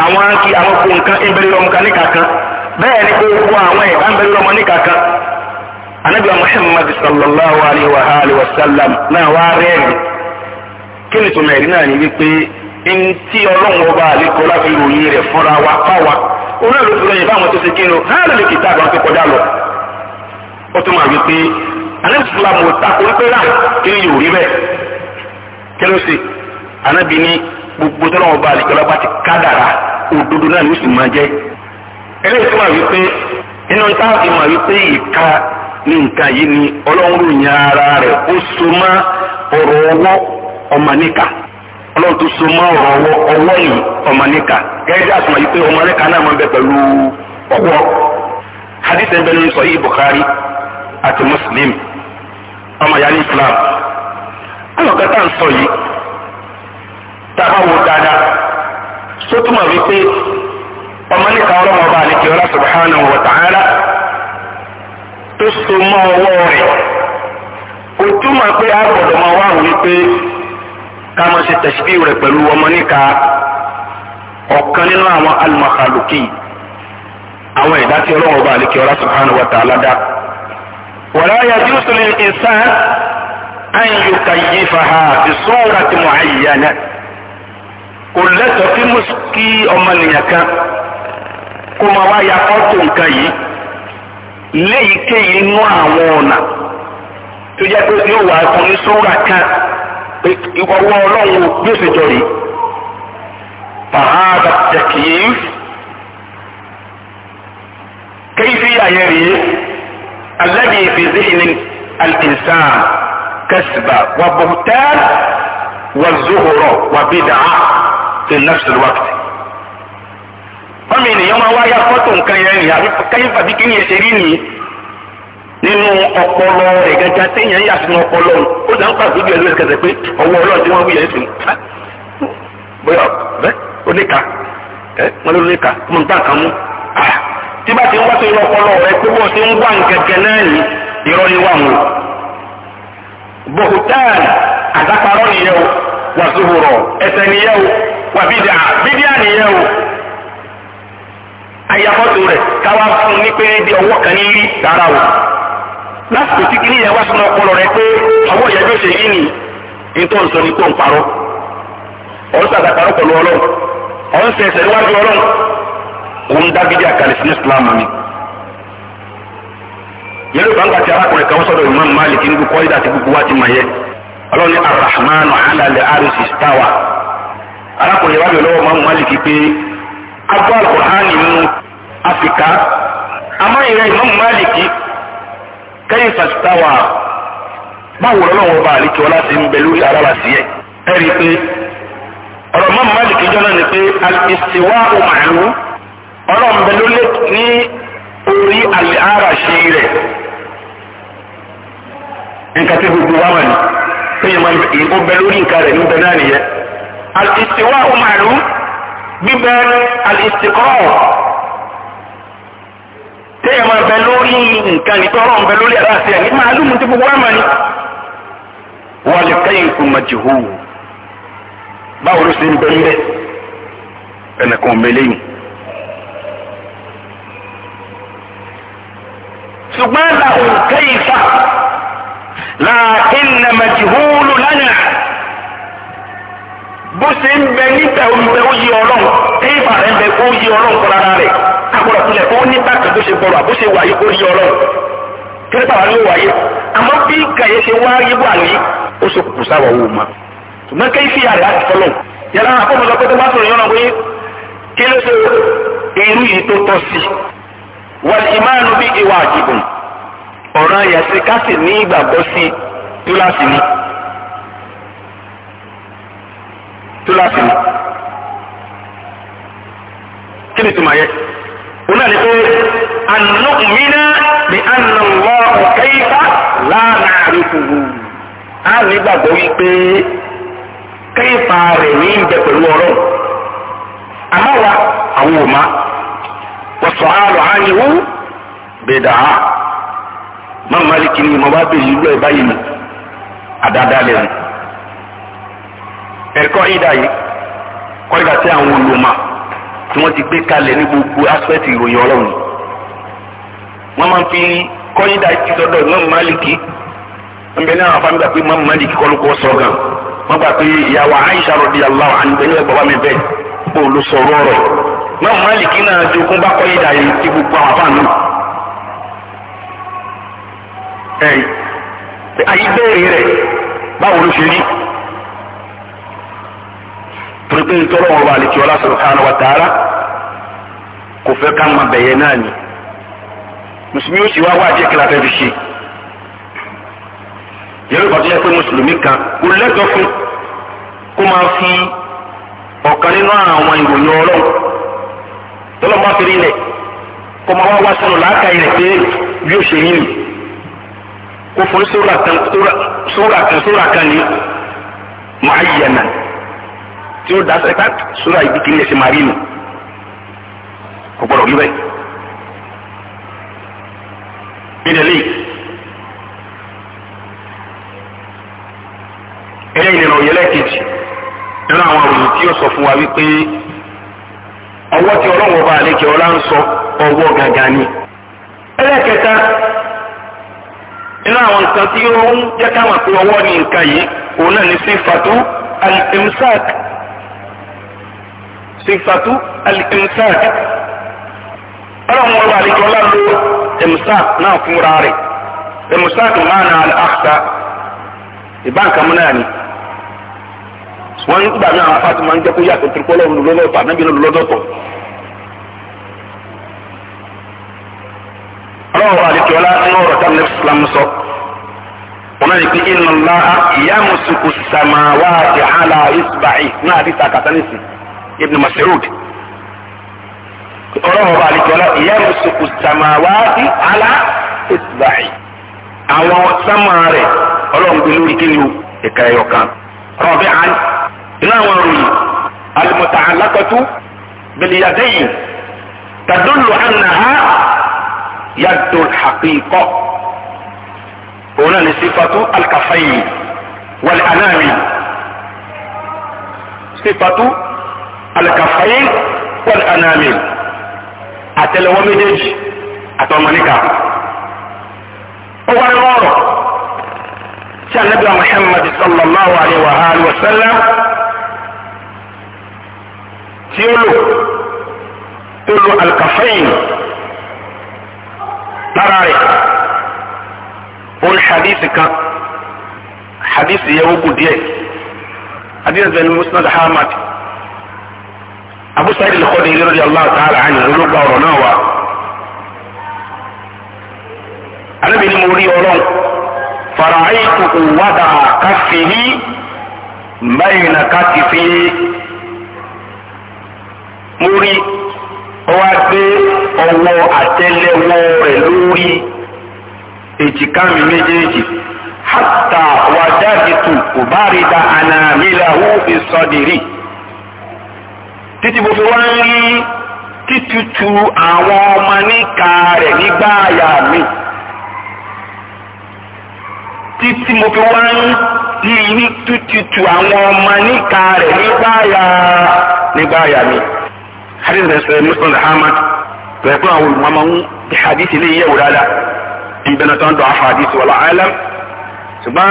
àwọn akí àwọn kò nǹkan ìbẹ̀rẹ̀ ọmọ níka kan bẹ́ẹ̀ ni gbogbo àwọn ẹ̀dá ìbẹ̀rẹ̀ ọmọ níka kan anabi muhammad sallallahu alayhi wa wa sallam náà wá rẹ́ẹ̀rì kí ni tòmọ̀ náà ní wípé ntí ọlọ́run ọba àlùkọ́lá fi ròyìn rẹ̀ fúnra wa fáwa òun náà ló fi tó ṣe ó tún máa wí pé anábì fúlàmù tako wípé rà kí ni yóò rí bẹ́ẹ̀ kí ló ṣe anábì ní gbogbo tó lọ́wọ́ bá àlejò ọlọ́pàá ti kádàrá òdodo náà ló sì máa jẹ́ eléyìí tún máa wí pé inú ta fi máa wí pé ìka ní nǹkan yìí ni ọlọ́run ròyìn ara rẹ̀ ó so mọ́ ọ̀rọ̀ ọwọ́ ọmọ níkà ọlọ́run tó so mọ́ ọ̀rọ̀ ọwọ́ ọwọ́ yìí ọmọ níkà gẹ́gẹ́ àtúmọ̀ yìí pé ọmọ níkà náà máa ń bẹ pẹ̀lú ọwọ́ hadith ẹ̀ ń bẹ nínú sọ yìí Bukhari àti muslim ọmọ ìyá ní islam àwọn kan tá à ń sọ yìí tá a bá wo dáadáa sótúmọ̀ wípé ọmọ níta ọlọ́mọ ọba àlejò ọlá subhanahu wa ta'ala tó so mọ́ ọwọ́ rẹ̀ kò túmọ̀ pé a gbọ́dọ̀ máa wá wípé ká máa ṣe tẹ̀síbí rẹ̀ pẹ̀lú ọmọ níta ọ̀kan nínú àwọn al-makhluqin àwọn ìdá tí ọlọ́mọ ọba àlejò ọlá subhanahu wa ta'ala dá. ولا يجوز للإنسان أن يكيفها بصورة معينة kò lẹ́tọ̀ọ́ kí mùsùlùmí ọmọnìyàn kan kó máa wá ya fọ́tò nǹkan yìí léyìíkéyìí inú àwọn ọ̀nà tó jẹ́ pé yóò wá fún ní sóra kan pé ìwọ́wọ́ ọlọ́run yóò ṣe jọ rèé. fàhádà tẹ̀kìyìí kéyìí fi àyẹ̀ rèé. الذي في ذهن الإنسان كسب وبهتان والزهر وبدعة في نفس الوقت fọ́mìnì yẹn máa wáyà fọ́tò nǹkan yẹn nìyà káyọ̀fà bí kíni ẹ̀ṣẹ̀ rí nìyí nínú ọpọlọ rẹ̀ gẹ́gẹ́ téèyàn yà sínú ọpọlọ ó dà ń pa fídíò ẹ̀lú ẹ̀sẹ̀ pé ọwọ́ ọlọ́run tí wọ́n wí yẹn sùn bóyá bẹ́ẹ̀ ó lè ka tí bá ti ń wá sí irọ́ ọpọlọ rẹ pé bó ti ń wá nkẹ̀kẹ́ náà ní irọ́ ni wà wọn. bòkútàn àdáparọ́ nìyẹn o wà zuhùrọ̀ ẹsẹ̀ nìyẹn o wà bídíà bídíà nìyẹn o. ayafọ́tò rẹ̀ káwá fún ní pé bí ọwọ́ kan ní rí dára o. lásìkò tí kìíní yẹn wá ọpọlọ rẹ pé ọwọ́ ìyá ṣe yí ni ètò ìsọ ni tó ń parọ́. ọ̀rọ̀ sàtàkàrọ̀ pẹ̀lú ọlọ́run ọ̀rọ̀ sẹ̀sẹ̀ òun dágídí àkàlẹ̀ sí islam ni yẹ́rù bá ń gbàtí arákùnrin kan sọ̀rọ̀ imam malik ní kọ́ ìdá àti gbogbo wa ti mọ̀ yẹ ọlọ́ni arahmanu alalẹ̀ arisi stawa arákùnrin yẹn wá bẹ̀rẹ̀ lọ́wọ́ imam malik pé agbọ́ alukur'ani mú afika àmọ́ ìrẹ́ imam malik kẹ́yìn fàstawa báwo lọ́wọ́ bá àlìkí ọlá ti ń bẹ lórí arára sí ẹ̀ ẹ̀rí pé ọ̀rọ̀ imam malik jọ́nà ni pé al-istiwa ma'lum ọlọ́run bẹ ló lé ní orí àlẹ́ ara ṣe rẹ̀ nǹkan tí gbogbo wa wà ní péye máa ń ó bẹ lórí nǹkan rẹ̀ níbẹ̀ náà nìyẹn àlìsíwá ọmọlú gbígbẹ àlìsíkọ́ téèyàn máa bẹ lórí nǹkan nìkan ọlọ́run bẹ lórí ara ṣe ní màálù mu tí gbogbo wa wà ní. wọ́n lè kẹ́yìn kò mà báwo ló ṣe ń bẹ ẹnìkan mẹlẹ́yìn. ṣùgbọ́n làwọn kẹ́yìfà làákín nà màjìhúlù lánàá bó ṣe ń bẹ níta olùbẹ ó yí ọlọ́run kẹ́yìfà rẹ̀ ń bẹ ó yí ọlọ́run kọ́ rárá rẹ̀ agbọ́dọ̀ tilẹ̀ ó ní bàtà bó ṣe gbọ́dọ̀ àbó ṣe wáyé ó yí ọlọ́run kẹ́yìfà wà ló wáyé àmọ́ bí kàyé ṣe wáyé wà ní ó ṣe kùkù sáwọ̀ wò ma ṣùgbọ́n kẹ́yìfà rẹ̀ á ti fọlọ́ yàrá àkọ́mọ̀lọ́pẹ́ wal imanu bihi wajibun ọ̀ràn yẹn sí ká sì ní ìgbàgbọ́ sí túláàsì ni túláàsì ni kí ni tuma yẹ wọn náà ní pé ànú mìíràn ní ànà wọ ọ̀kẹ́ ifá láàárín kùrù á nígbàgbọ́ wípé kẹ́yìnfà rẹ̀ ní ìjẹ pẹ̀lú ọ̀rọ̀ àmọ́ wa àwọn ò máa wọ́sọ̀hálù ánìwú bèdà á máa Málíkì ni màá bá bèrè ìlú ẹ̀ báyìí nù àdáadáa lẹ́nu. ẹ̀kọ́ ìdá yìí kọ́ ìdá tí àwọn olùmọ̀ tí wọ́n ti gbé kalẹ̀ ní gbogbo aspect ìròyìn ọlọ́run wọ́n máa fi kọ́ ìdá ti sọ́dọ̀ máa ń bẹ ní àwọn afáńgbà pé máa kọ́ ló kọ́ sọ́gàn wọ́n gbà pé ìyàwó Àìṣà radiyallahu náà máàlìkì náà jogún bá kọ́ yíyá yìí ti gbogbo àwọn afáà náà. ẹ̀yìn ayé bẹ́ẹ̀rẹ̀ rẹ̀ báwo ló ṣe rí torí pé ìtọ́lọ́wọ́ wa àlejò ọlá subhanahu wa ta'ala kò fẹ́ ká máa bẹ̀yẹ náà ni mùsùlùmí ó sì wá wáàdí ẹ̀kẹ́lá fẹ́ fi ṣe yẹ́rù ìbàdí yẹ pé mùsùlùmí kan kò lẹ́tọ̀ọ́ fún kó máa fi ọ̀kan nínú àwọn ìròyìn ọlọ́run tọ́lọ́mọ bá fèrè ilẹ̀ kọ́ máa wá wá sínú làákàyè rẹ̀ pé bí ó ṣe yín ni kó fún sóra kan sóra kan ní máa yẹ náà tí ó dasẹ̀ ká sóra ibi kìíní ẹ̀sìn máa rí nù kò gbọ́dọ̀ wí bẹ́ẹ̀. ìdílé ẹ̀yẹ́ ìlànà òyẹ́lẹ́ kejì nínú àwọn àwòrán tí ó sọ fún wa wípé ọwọ́ tí ọlọ́wọ́ bá àlejò ọlá ń sọ ọwọ́ gangan ni. ẹlẹ́kẹta nínú àwọn nǹkan tí ó ń jẹ́ káwọn pé ọwọ́ ni nǹkan yìí òun náà ni sífàtú al-imsak sífàtú al-imsak ọlọ́wọ́ bá àlejò ọlá lo imsak náà fúnra rẹ̀ imsak máa na al ìbá nǹkan mú náà ni wọ́n ń gbà mí àwọn afáàtì máa ń jẹ́ kó yàtọ̀ tó kọ́ lọ́wọ́ lọ́dọ̀tọ̀ ànábì lọ́dọ̀tọ̀. ọlọ́wọ́ àdìkẹ́wọ́lá ní ọ̀rọ̀ tá ní islam sọ wọn náà ní pé iná ńlá yàmùsùkù sàmáwáàtì àlà isba'i náà àdìsá kàtánìsì ibn Mas'ud ọlọ́wọ́ àdìkẹ́wọ́lá yàmùsùkù sàmáwáàtì àlà isba'i àwọn sámà rẹ̀ ọlọ́run gbé lórí kí ni o ìka ẹ̀yọ̀ kan rọ̀bì àná. ناوري المتعلقة باليدين تدل أنها يد الحقيقة هنا صفة الكفين والأنام صفة الكفين والأنام أتلو مدج أتو ملكا هو الله سيدنا محمد صلى الله عليه وآله وسلم tí ó lò tó lo alkafẹ́yìn lára rẹ̀ ó ní hadith kan hadith yẹ ogun díẹ̀ hadith bẹni musnad ahmad abu sa'id al-khudri radiyallahu ta'ala anhu olóògbé ọ̀rọ̀ náà wá anabi ni mo rí ọlọ́run fara'aytu wada kafihi bayna katifi. lórí ọwọ́ gbé ọwọ́ àtẹ́lẹwọ́ rẹ̀ lórí èjìká mi méjèèjì hátà wàjáàdìtù kò bá rí da ànàmílàhù ìsọdìrí títí mo fi wá ń rí títútù àwọn ọmọ níka rẹ̀ nígbà àyà mi títí mo fi wá ń rí títútù àwọn ọmọ níka rẹ̀ nígbà àyà mi. hadith da sai muslim da hamad to yakun awul maman ti hadith ile yau dada ti bana tan do hadith wala alam suba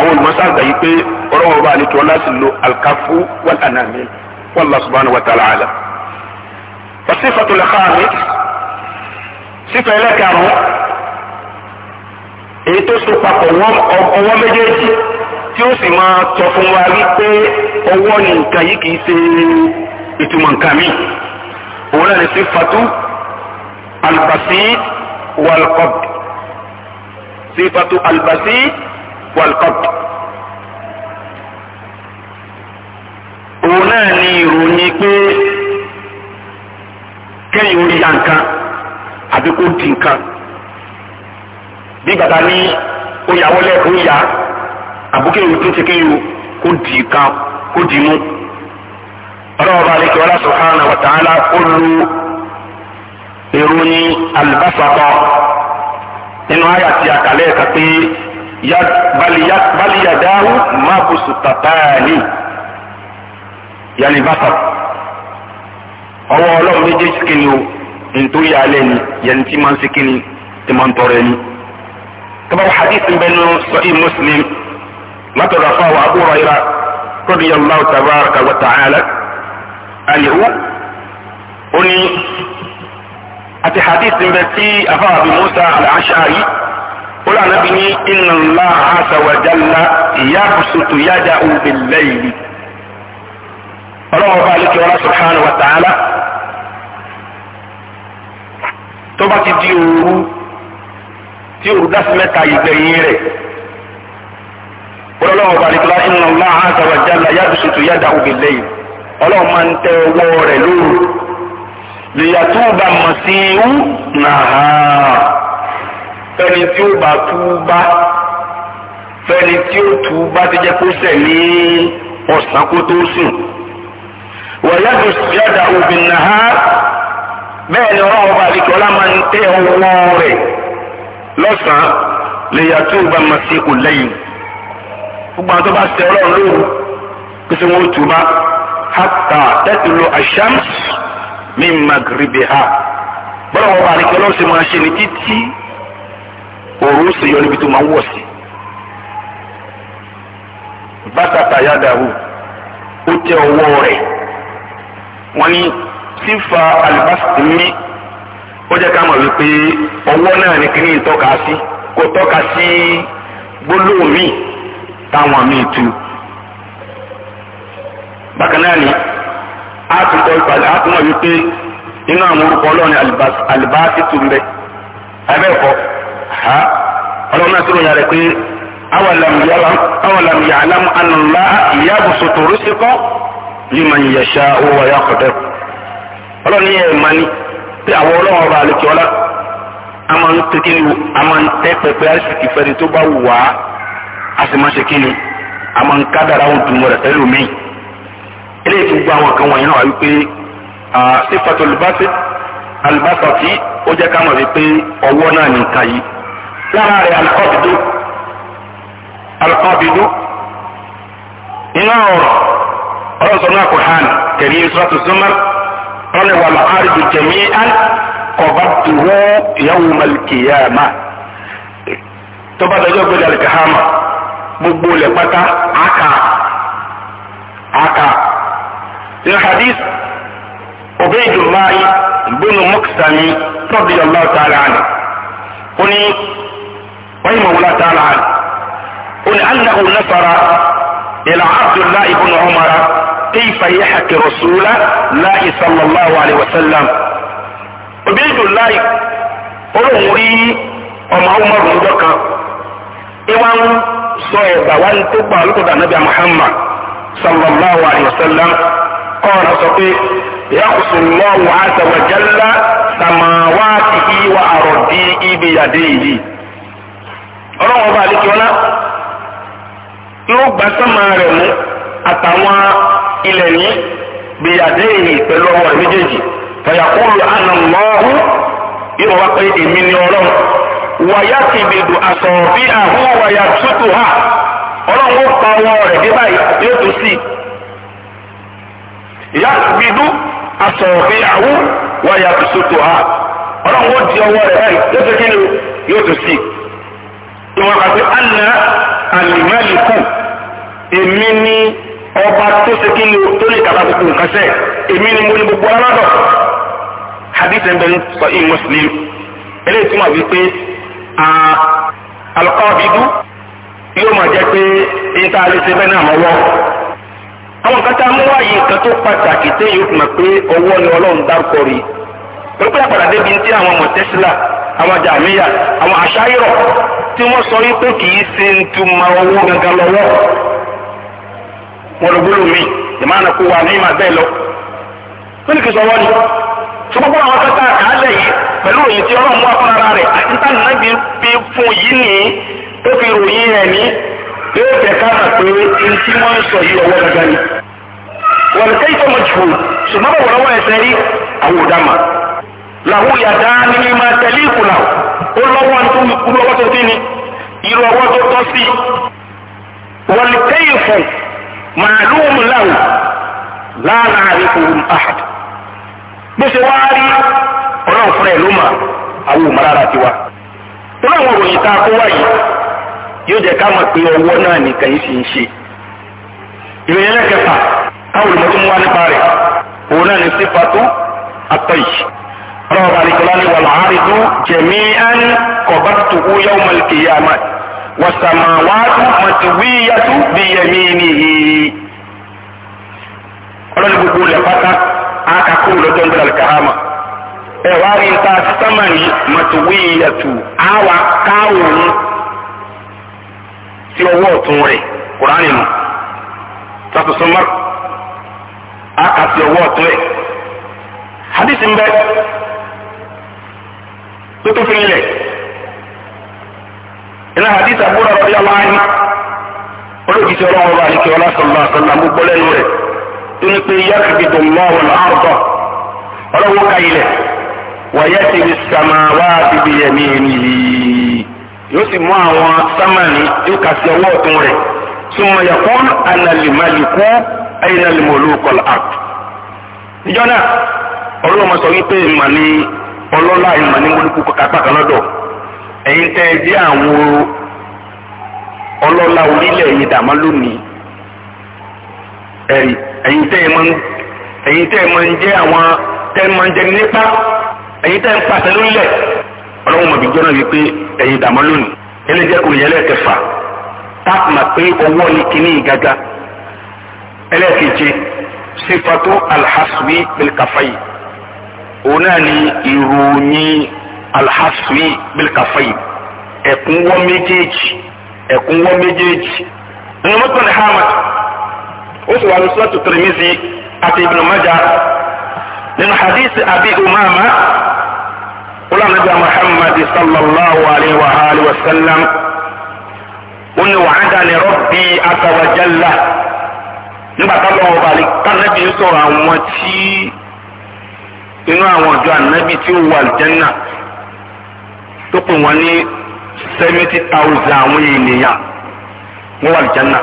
awul masal da yipe oro ba ni to Allah sillu al kafu wal anamil wallah subhanahu wa ta'ala alam wa sifatu al khamis sifa ila kamu èyí tó so papọ̀ ọwọ́ méjèèjì tí ó sì máa sọ fún wa wípé ọwọ́ ni nǹkan yìí kì í ìtumọ̀ nǹkan mi òun náà ní sífàtú albasit walqabd sífàtú albasit walqabd òun náà ni ìròyìn pé kẹ́yìn orí ya nǹkan àbí kó di nǹkan bí gbàgbà ní oyàwọlẹ̀ oyà àbúkẹ́yìn tó ti kẹ́yìn kó di nǹkan kó di mú ọlọ́wọ́ bá lè kí ọlá subhanahu wa ta'ala ó lu ìròyìn alùbásàkọ nínú àyà tí a kàlẹ́ ẹ̀ka pé baliyadahu mabusu tataani yalibasa ọwọ́ ọlọ́run méjèèjì kìíní o nítorí alẹ́ ni yẹn tí máa ń ṣe kìíní tí máa ń tọrọ ẹni. kabar hadith bẹ́ẹ̀ nínú sọ́yìn muslim látọ̀dọ̀ fáwọn Abu Hurairah radiyallahu tabaraka wa ta'ala alihu ó ní àti hadith ń bẹ tí afáwà bíi musa al-ashari ó lọ ànábi ní inna Allah azza wa jalla yabsutu yadahu bil-layli ọlọ́wọ́ bá alikẹ́ wọn subhanahu wa ta'ala tó bá ti di òru tí òru dá sí mẹ́ta ìgbẹ̀yìn rẹ̀ ọlọ́wọ́ bá alikẹ́ wọn inna Allah azza wa jalla yabsutu yadahu bil-layli ọlọ́run máa ń tẹ ọwọ́ rẹ̀ lóru lèyàtú bá mọ̀ sí ihu nàá fẹ́ni tí ó bá túbá fẹ́ni tí ó túbá ti jẹ́ kó sẹ̀ ní ọ̀sán kó tó sùn wọ̀yàdù yàdà òbí nàá bẹ́ẹ̀ ni ọlọ́run bá àdìkẹ́ ọlá máa ń tẹ ọwọ́ rẹ̀ lọ́sàn-án lèyàtú bá mọ̀ sí kò lẹ́yìn gbogbo àwọn tó bá sẹ ọlọ́run lóru kí sẹ́ wọ́n túbá hatta tẹ́tùlù àṣàm min magribiha bọ́lá wọn bá ní kí ọlọ́run ṣe máa ṣe ní títí òòrùn sì yọ níbi tó máa ń wọ̀ sí. bàtàtà yàdàrú ó tẹ ọwọ́ rẹ̀ wọ́n ní sífà alibásitì mi ó jẹ́ ká mọ̀ wípé ọwọ́ náà ní kíní tọ́ka sí kó tọ́ka sí gbólóhùn míì táwọn míì tu bákan náà ni a tún kọ́ ìpàdé a tún mọ̀ wípé inú àwọn orúkọ ọlọ́run ni alibasi tún bẹ abẹ́ẹ̀kọ́ ha ọlọ́run náà sọ̀rọ̀ yàrá pé awalam ya'lam anala yabsutu rizqa liman yasha'u wa yaqdir ọlọ́run yẹ ẹ̀ma ni pé àwọn ọlọ́run ọba àlejò ọlá a máa ń tẹ́ kíni a máa ń tẹ́ pẹpẹ àìsìkì fẹ́ni tó bá wù wá a sì máa ṣe kíni a máa ń kádàrà eléyìí tó gbọ́ àwọn kan wọ̀nyí náà wípé sífàtò alùbáṣà tí ó jẹ́ ká mọ̀ wípé ọwọ́ náà ní nǹkan yìí lára rẹ̀ alùkọ́bìdó alùkọ́bìdó iná ọ̀rọ̀ ọ̀rọ̀ sọ̀rọ̀ náà kò hàn kẹ̀rí ìṣúrátù súnmọ́ ọ̀rọ̀ wà lọ́hárìdù jẹ̀mí án kọ̀bá tuwó ìyàwó malikiyama tó bá dọjọ́ gbé dalikahama gbogbo lẹ̀ pátá àkà àkà. من حديث عبيد الله بن مقسم رضي الله تعالى عنه قني وهي الله تعالى عنه قل أنه نفر إلى عبد الله بن عمر كيف يحكي رسول الله صلى الله عليه وسلم عبيد الله قل أمري أم عمر ọjọ́ kan ìwà ń sọ ẹ̀bà wá ń tó gbà lókòdà nàbíà kọ́ọ̀nà sọ pé yàkùsùn lọ́wọ́ àtàwọ̀jẹ́lá sàmáwá ti ìwà àròdì ibi yàdé yìí. gba sánmà rẹ̀ mú àtàwọn ilẹ̀ ní gbìyàdé yìí pẹ̀lú ọwọ́ rẹ̀ méjèèjì fàyàkùlù àná yóò wá pé yàgbìdú asọ̀fìyàwó wáyà tuntun ha ọlọ́run ó di ọwọ́ rẹ̀ báyìí yóò tó kí ni yóò tó sí. ìwọ̀n àti àná àlìmọ́lìkù èmi ni ọba tó ṣe kí ni tó lè kàkà gbogbo nǹkan sẹ́ẹ̀ èmi ni mo ní gbogbo aládọ̀ hadith ẹ̀ ń bẹ ní sahih muslim eléyìí túmọ̀ wípé alqabidu yóò máa jẹ́ pé ní ká lè ṣe bẹ́ẹ̀ náà mọ́wọ́. àwọn kan tá a mú wáyé nǹkan tó pàtàkì téyìn ó mọ̀ pé ọwọ́ ni ọlọ́run dárúkọ rí pẹ̀lú àpàdà débi tí àwọn ọmọ tẹ́sílà àwọn jàmíyà àwọn àṣàyọ̀ tí wọ́n sọ wípé kì í ṣe ń túmọ̀ owó gangan lọ́wọ́ wọn lọ gbólóhùn mi ìmáàna kó wa ní ìmà lọ wọ́n ní sọ ni ṣùgbọ́n àwọn kan tá a kà á lẹ̀ yìí pẹ̀lú yóò jẹ́ ká mà pé ní tí wọ́n ń sọ yìí ọwọ́ gẹ́gẹ́ ni. wọ́n ké ìfọ̀ mọ̀ jù ṣùgbọ́n bọ̀ wọ́n ẹsẹ̀ rí àwọn òdàmà. làwọn yàtá ni mi máa tẹ̀lé ìkùnà ó lọ́wọ́ tó kúrú ọwọ́ tó ti ni irú ọwọ́ tó tọ́ sí. wọ́n ké ìfọ̀ màálùmù làwọn láàrín àríkùn àhàd. bó ṣe wá rí ọlọ́run fúnra ẹ̀ ló mà àwọn òmàlára tiwa. tó láwọn òròyìn tá a kó wáyé yóò jẹ́ ká mọ̀ pé ọwọ́ náà nìkan yìí sì ń ṣe. ìròyìn ẹlẹ́kẹfà táwọn olùmọ̀tún wá nípa rẹ̀ òun náà ní sífàtú àtọ̀yì. ọlọ́wọ́ bá nìkan láti wà láàárín dún jẹ̀mí án kọ̀bá tuhu yóò mọ̀ kéye àmà wàsàmà wàásù màtìwíyàtú bí yẹmí nìyí. ọlọ́ni gbogbo rẹ̀ pátá àkàkọ́ lọ́jọ́ ń bẹ̀rẹ̀ sí ọwọ́ ọ̀tún rẹ̀ kùránì nù sátúnṣe mọ́rù á kà sí ọwọ́ ọ̀tún rẹ̀ hadisi ń bẹ tó tó fi lẹ̀ iná hadisi àbúrò ọ̀rọ̀ yà máa ń olóògìsì ọlọ́run ọba àlìkè ọlá sọ̀lá sọ̀lá gbogbo lẹ́nu rẹ̀ tó ní pé yàtọ̀ gbẹdọ̀ mọ́ ọ̀nà àrùtọ̀ ọlọ́wọ́ ka ilẹ̀ wọ̀nyẹ́ ti fi sàmáwá ti fi yẹ̀mí yìí yóò sì mú àwọn sámánì yóò kà sí ọwọ́ ọ̀tún rẹ̀ sùnmọ̀ yẹ̀kún ànàlìmálìkú àyìnàlìmọ̀lù kọ̀lá àt. níjọ́ náà ọlọ́run máa sọ wípé ìmọ̀ ni ọlọ́lá ìmọ̀ ni mọ́lùkù kápá kan lọ́dọ̀ ẹ̀yin tẹ́ ẹ jẹ́ àwọn ọlọ́lá orílẹ̀ yìí dàmá lónìí ẹ̀rí ẹ̀yin tẹ́ ẹ máa ẹ̀yin tẹ́ ẹ máa ń jẹ́ àwọn tẹ́ ẹ máa ń jẹ nípa ẹ̀yin tẹ́ ẹ ń pàṣẹ lórílẹ̀ ọlọ́run mọ̀ bí jọ́nà wípé ẹ̀yin dàmọ́ lónìí ẹlẹ́jẹ́ kò yẹ lẹ́ẹ̀kẹfà táàpù mà pé ọwọ́ ni kínní gàgà ẹlẹ́ẹ̀keje sifatu alhasbi bilkafayi òun náà ni ìròyìn alhasbi bilkafayi ẹ̀kúnwọ́ méjèèjì ẹ̀kúnwọ́ méjèèjì nínú mọ́tò ní hamad ó sì wà ní sọ́tù Tirmidhi àti Ibn Majah nínú hadith abi umama wọ́n nàbí muhammad sallallahu alayhi wa alayhi wa sallam wọ́n ní wàhádà ní rọ́bì àtàwájálà nígbà táwọn ọmọ balẹ̀ kánàbí ń sọ̀rọ̀ àwọn tí inú àwọn ọjọ́ ànábì tí ó wà àlùjànnà tó pè wọ́n ní seventy thousand àwọn ènìyàn wọ́n wà àlùjànnà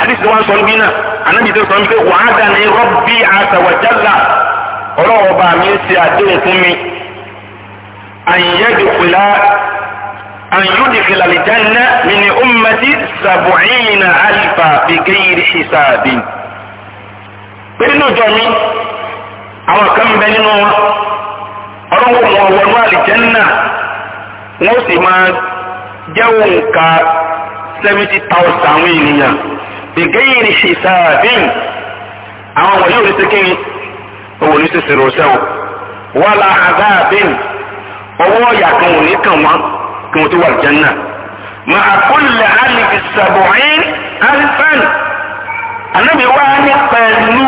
hadith wọn sọ níbí náà ànábì tó sọ níbí wàhádà ní rọ́bì àtàwájálà ọlọ́wọ́ bá mi ṣe àdéhùn fún mi àyẹ̀dùkúlá àyẹ̀dùkúlá àlìjáná mi ni ó mẹ́tí sàbùnìyìnà àlìfà bìgẹ́yìrì ṣìṣàbì. pé nínú ìjọ mi àwọn kan bẹ nínú wọn ọlọ́wọ́ wọn wọnú àlìjáná wọ́n sì máa jẹ́wọ́ nǹka seventy thousand àwọn ènìyàn bìgẹ́yìrì ṣìṣàbì àwọn wọ̀nyí ò ní ṣe kí owó ní sísèrè ọ̀sẹ̀ o wàlà àdáàbìn ọwọ́ ọ̀yà kan ò ní kàn wọ́n kí wọ́n tó wà Janna màá kúlẹ̀ àlìfi sàbọ̀ín alifan anábì wá ní pẹ̀lú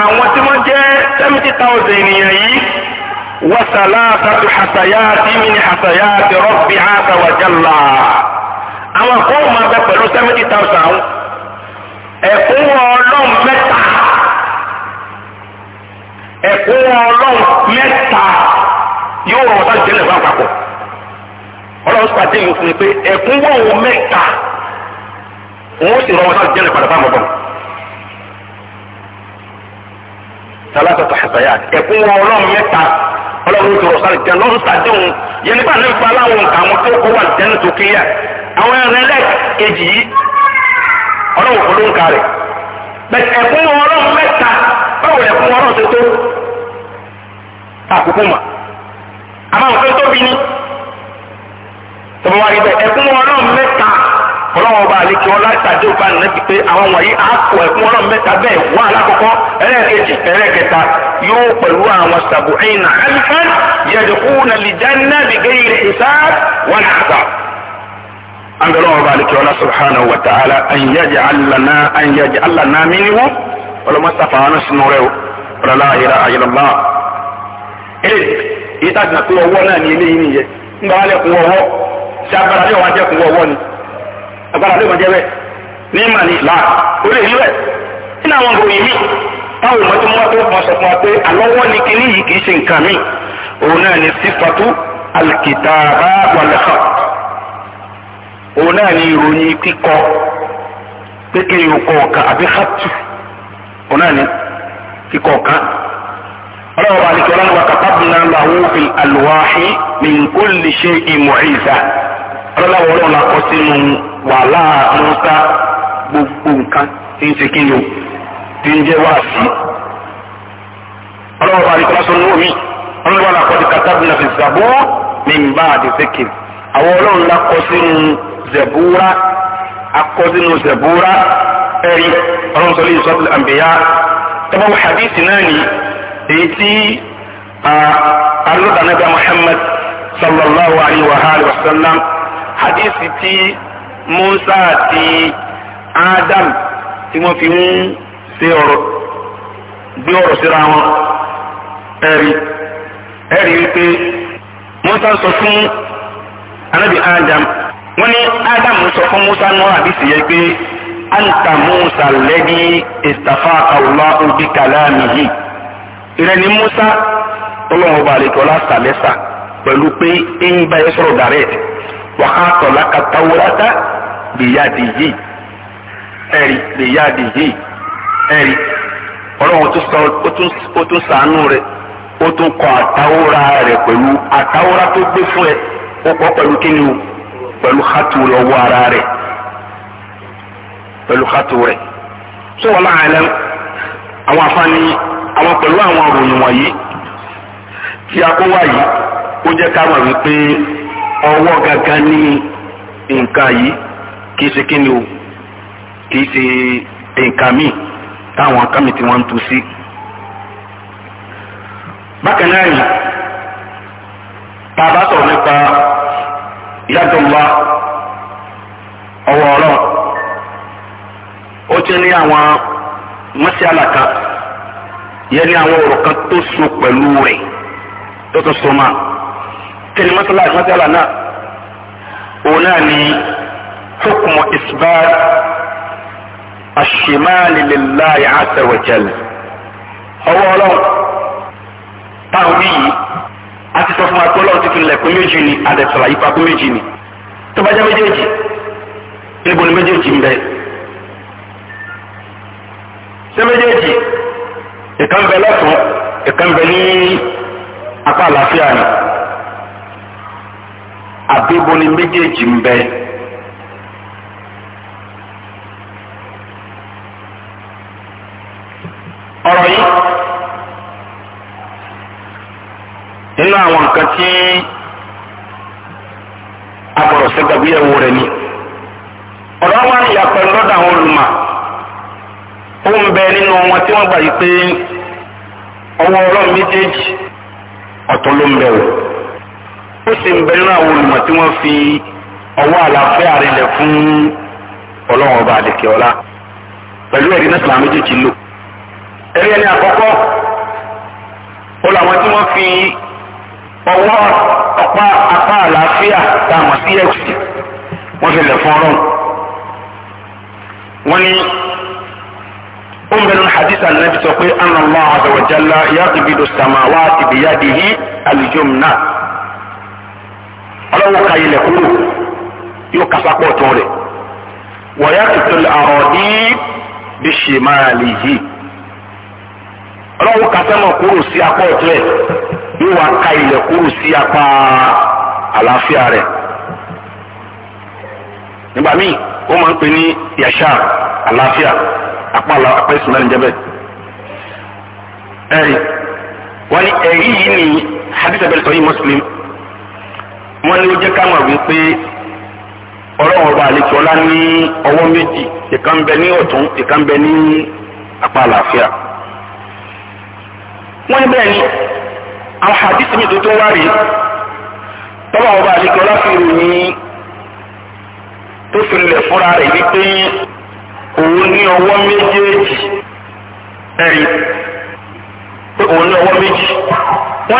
àwọn tí wọ́n jẹ́ seventy thousand ènìyàn yìí wasalasa tu hasayati mini hasayati rabbi asa wa jalla àwọn kò máa bẹ pẹ̀lú seventy thousand ẹ̀kún ọlọ́run mẹ́ta ẹ̀kún ọlọ́run mẹ́ta yóò rọ̀ ọ̀tá jẹ́lẹ̀ fún àpapọ̀ ọlọ́run sọ àti ìlú fún mi pé ẹ̀kún wọ̀hún mẹ́ta òun ó sì rọ̀ ọ̀tá jẹ́lẹ̀ padà fún àpapọ̀ talata tó xasaya ẹ̀kún ọlọ́run mẹ́ta ọlọ́run tó rọ̀ sáré jẹ́ lọ́run sàdéhùn yẹn nípa nípa aláwọn nǹkan àwọn tó kọ́ wà jẹ́nu tó kéèyà àwọn ẹ̀rẹ́ lẹ́ẹ̀kejì yìí ọlọ́wọ́ kò ló ń ka rẹ̀ bẹ́ẹ̀ ẹ̀kún ọlọ́run mẹ́ta báwo lẹ̀ fún ọlọ́run tuntun àkókò mà àmọ́ nǹkan tó bí ní tọ́wọ́ wáyé bẹ́ẹ̀ ẹ̀kún ọlọ́run mẹ́ta ọlọ́run ọba àlejò ọlátàdé ọba nẹ́bi pé àwọn wọ̀nyí á kọ ẹ̀kún ọlọ́run mẹ́ta bẹ́ẹ̀ wọ́n alákọ̀ọ́kọ́ ẹlẹ́ẹ̀kejì ẹlẹ́ẹ̀kẹta yóò pẹ̀lú àwọn sàbùhìn náà ẹnìkan yẹ̀dùkú nàlìjẹ́ náà ìsáà wọn àgbà an bẹ̀rẹ̀ wọn baali kẹwàá subhanahu wa ta'ala an yaj'al lana an yaj'al lana minhu ọlọmọ sàfàánù sinú rẹ o ọlọlá ayélujára ayélujára ẹlẹ yìí tá a dìnnà pé ọwọ́ náà ní eléyìí nìyẹn ń bá wàlẹ kún ọwọ́ ṣé agbára lé wọn jẹ kún ni agbára lé wọn jẹ bẹ ní ìmà ní ìlà ó lè rí bẹ nínú àwọn ìròyìn mi táwọn ọmọ tó mú wá tó mọ sọ fún wa pé ni kinní yìí kì í ṣe mi òun náà ni sífàtú alkitaba wal khat òun náà ní ìròyìn kíkọ pé kí n kọ ọ̀kan àbí hàtù òun náà ní kíkọ ọ̀kan ọlọ́wọ́ bá nìkan lọ́nà wàkàtà bí náà lọ àwọn òfin àlùwáhí ní nǹkan lè ṣe ìmọ̀ ìzà ọlọ́wọ́ ọlọ́run la kọ sínú wàhálà Mùsá gbogbo nǹkan tí ń ṣe kí ni o tí ń jẹ́ wáàsí ọlọ́wọ́ bá nìkan lọ́sọ̀rọ̀ ní omi ọlọ́wọ́ la ti kàtà fi zàbọ́ ní ìbá àdìsẹ́kì àwọn ọlọ́run la sínú zẹ̀búra akọ́sínú zẹ̀búra ẹ̀rí ọlọ́run sọ lẹ́yìn sọ́tìlì àmbẹ̀yà tọ́bọ̀ hadithi náà ni èyí tí alọ́dà nàbẹ́ Muhammad sallallahu alayhi wa alayhi wa sallam hadithi tí Musa àti Adam tí wọ́n fi ń ṣe ọ̀rọ̀ gbé ọ̀rọ̀ síra wọn ẹ̀rí ẹ̀rí wípé Musa sọ fún anabi Adam wọ́n ní ádámù sọ fún musa nù àdìsí yẹ pé anta musa lẹ́ni ìsàfà Allahu bi kalamihi ìrẹ́ ni musa ọlọ́run ọba àlejò ọlásàlẹ́sà pẹ̀lú pé ń bá yẹ sọ̀rọ̀ direct wàhálà tọ̀lá katawurata bìyàdì yìí ẹ̀rí bìyàdì yìí ẹ̀rí ọlọ́run tó tún sàánú rẹ̀ ó tún kọ àtàwòrà rẹ̀ pẹ̀lú àtàwòrà tó gbé fún ẹ ó kọ pẹ̀lú kíni o pẹ̀lú hatu rẹ̀ ọwọ́ ara rẹ̀ pẹ̀lú hatu rẹ̀ so wọn láàyè lẹ́nu àwọn afáàní àwọn pẹ̀lú àwọn òròyìn wọ̀nyí tí a kó wá yìí ó jẹ́ ká mọ̀ wípé ọwọ́ gangan ní nǹkan yìí kì í ṣe kí o kì í ṣe nǹkan míì táwọn akámi tí wọ́n ń tu sí. bákan náà yìí tá a bá sọ̀rọ̀ nípa yàtọ̀ wá ọwọ́ ọ̀rọ̀ ó ti ní àwọn mọ́sálà kan yẹ ní àwọn ọ̀rọ̀ kan tó so pẹ̀lú rẹ̀ tó tó so máa kí ni mọ́sálà náà òun náà ni hukumu isbat aṣimali lillahi azza táwọn yìí a ti sọ fún wa pé ọlọ́run ti fi lẹ̀kún méjì ni àdẹ̀sọ̀rọ̀ yípa pé méjì ni tó bá jẹ́ méjèèjì níbo ni méjèèjì ń bẹ ṣé méjèèjì ìkan bẹ lọ́tún ìkan bẹ ní apá àlàáfíà ni àbíbo ni méjèèjì ń bẹ. ọ̀rọ̀ yìí. nínú àwọn nǹkan tí agbọ̀rọ̀ sẹ́gbàgbéyàwó rẹ̀ ni ọ̀rọ̀ wa ni ìyàpẹ̀ lọ́dọ̀ àwọn olùmọ̀ ó ń bẹ nínú wọn tí wọ́n gbà yí pé ọwọ́ ọlọ́run méjèèjì ọ̀tọ̀ ló ń bẹ o ó sì ń bẹ nínú àwọn olùmọ̀ tí wọ́n fi ọwọ́ àlàáfíà rinlẹ̀ fún ọlọ́run ọba àdèkè ọlá pẹ̀lú ẹ̀rí náà sàmì méjèèjì lò ẹ̀rí ẹni àkọ́kọ́ ó làwọn tí wọ́n fi ọwọ́ ọ̀pá apá àlàáfíà tá a mọ̀ sí ẹ̀jù wọ́n fi lẹ̀ fún ọlọ́run. wọ́n ní ó ń bẹnu hadith anabi sọ pé anna Allah azza wa jalla yaqbidu samawati biyadihi al-yumna ọlọ́wọ́ ka ilẹ̀ kúrò yóò kásápọ̀ tún rẹ̀ wa yaqtul aradi bishimalihi ọlọ́wọ́ kásẹ́mọ̀ kúrò sí apọ̀ tún rẹ̀ yóò wá ka ilẹ̀ kúrú sí apá àlàáfíà rẹ̀ nígbà míì ó máa ń pè ní yasha àlàáfíà apá apá ìsìn náà níjẹ́ bẹ́ẹ̀ ẹ̀rí wọ́n ní ẹ̀rí yìí ni hadith abẹ́rẹ́ sọ yìí Muslim wọ́n ní ó jẹ́ ká mọ̀ wípé ọlọ́run ọba àlejò ọlá ní ọwọ́ méjì ìkan ń bẹ ní ọ̀tún ìkan ń bẹ ní apá àlàáfíà wọ́n ní bẹ́ẹ̀ ni. a hadith mi tó tó wá rèé tọ́wọ́ ọba àlekọ́ láti ròyìn tó fi lè fúnra rẹ̀ wípé òun ní ọwọ́ méjèèjì ẹ̀rí pé òun ní ọwọ́ méjì meji.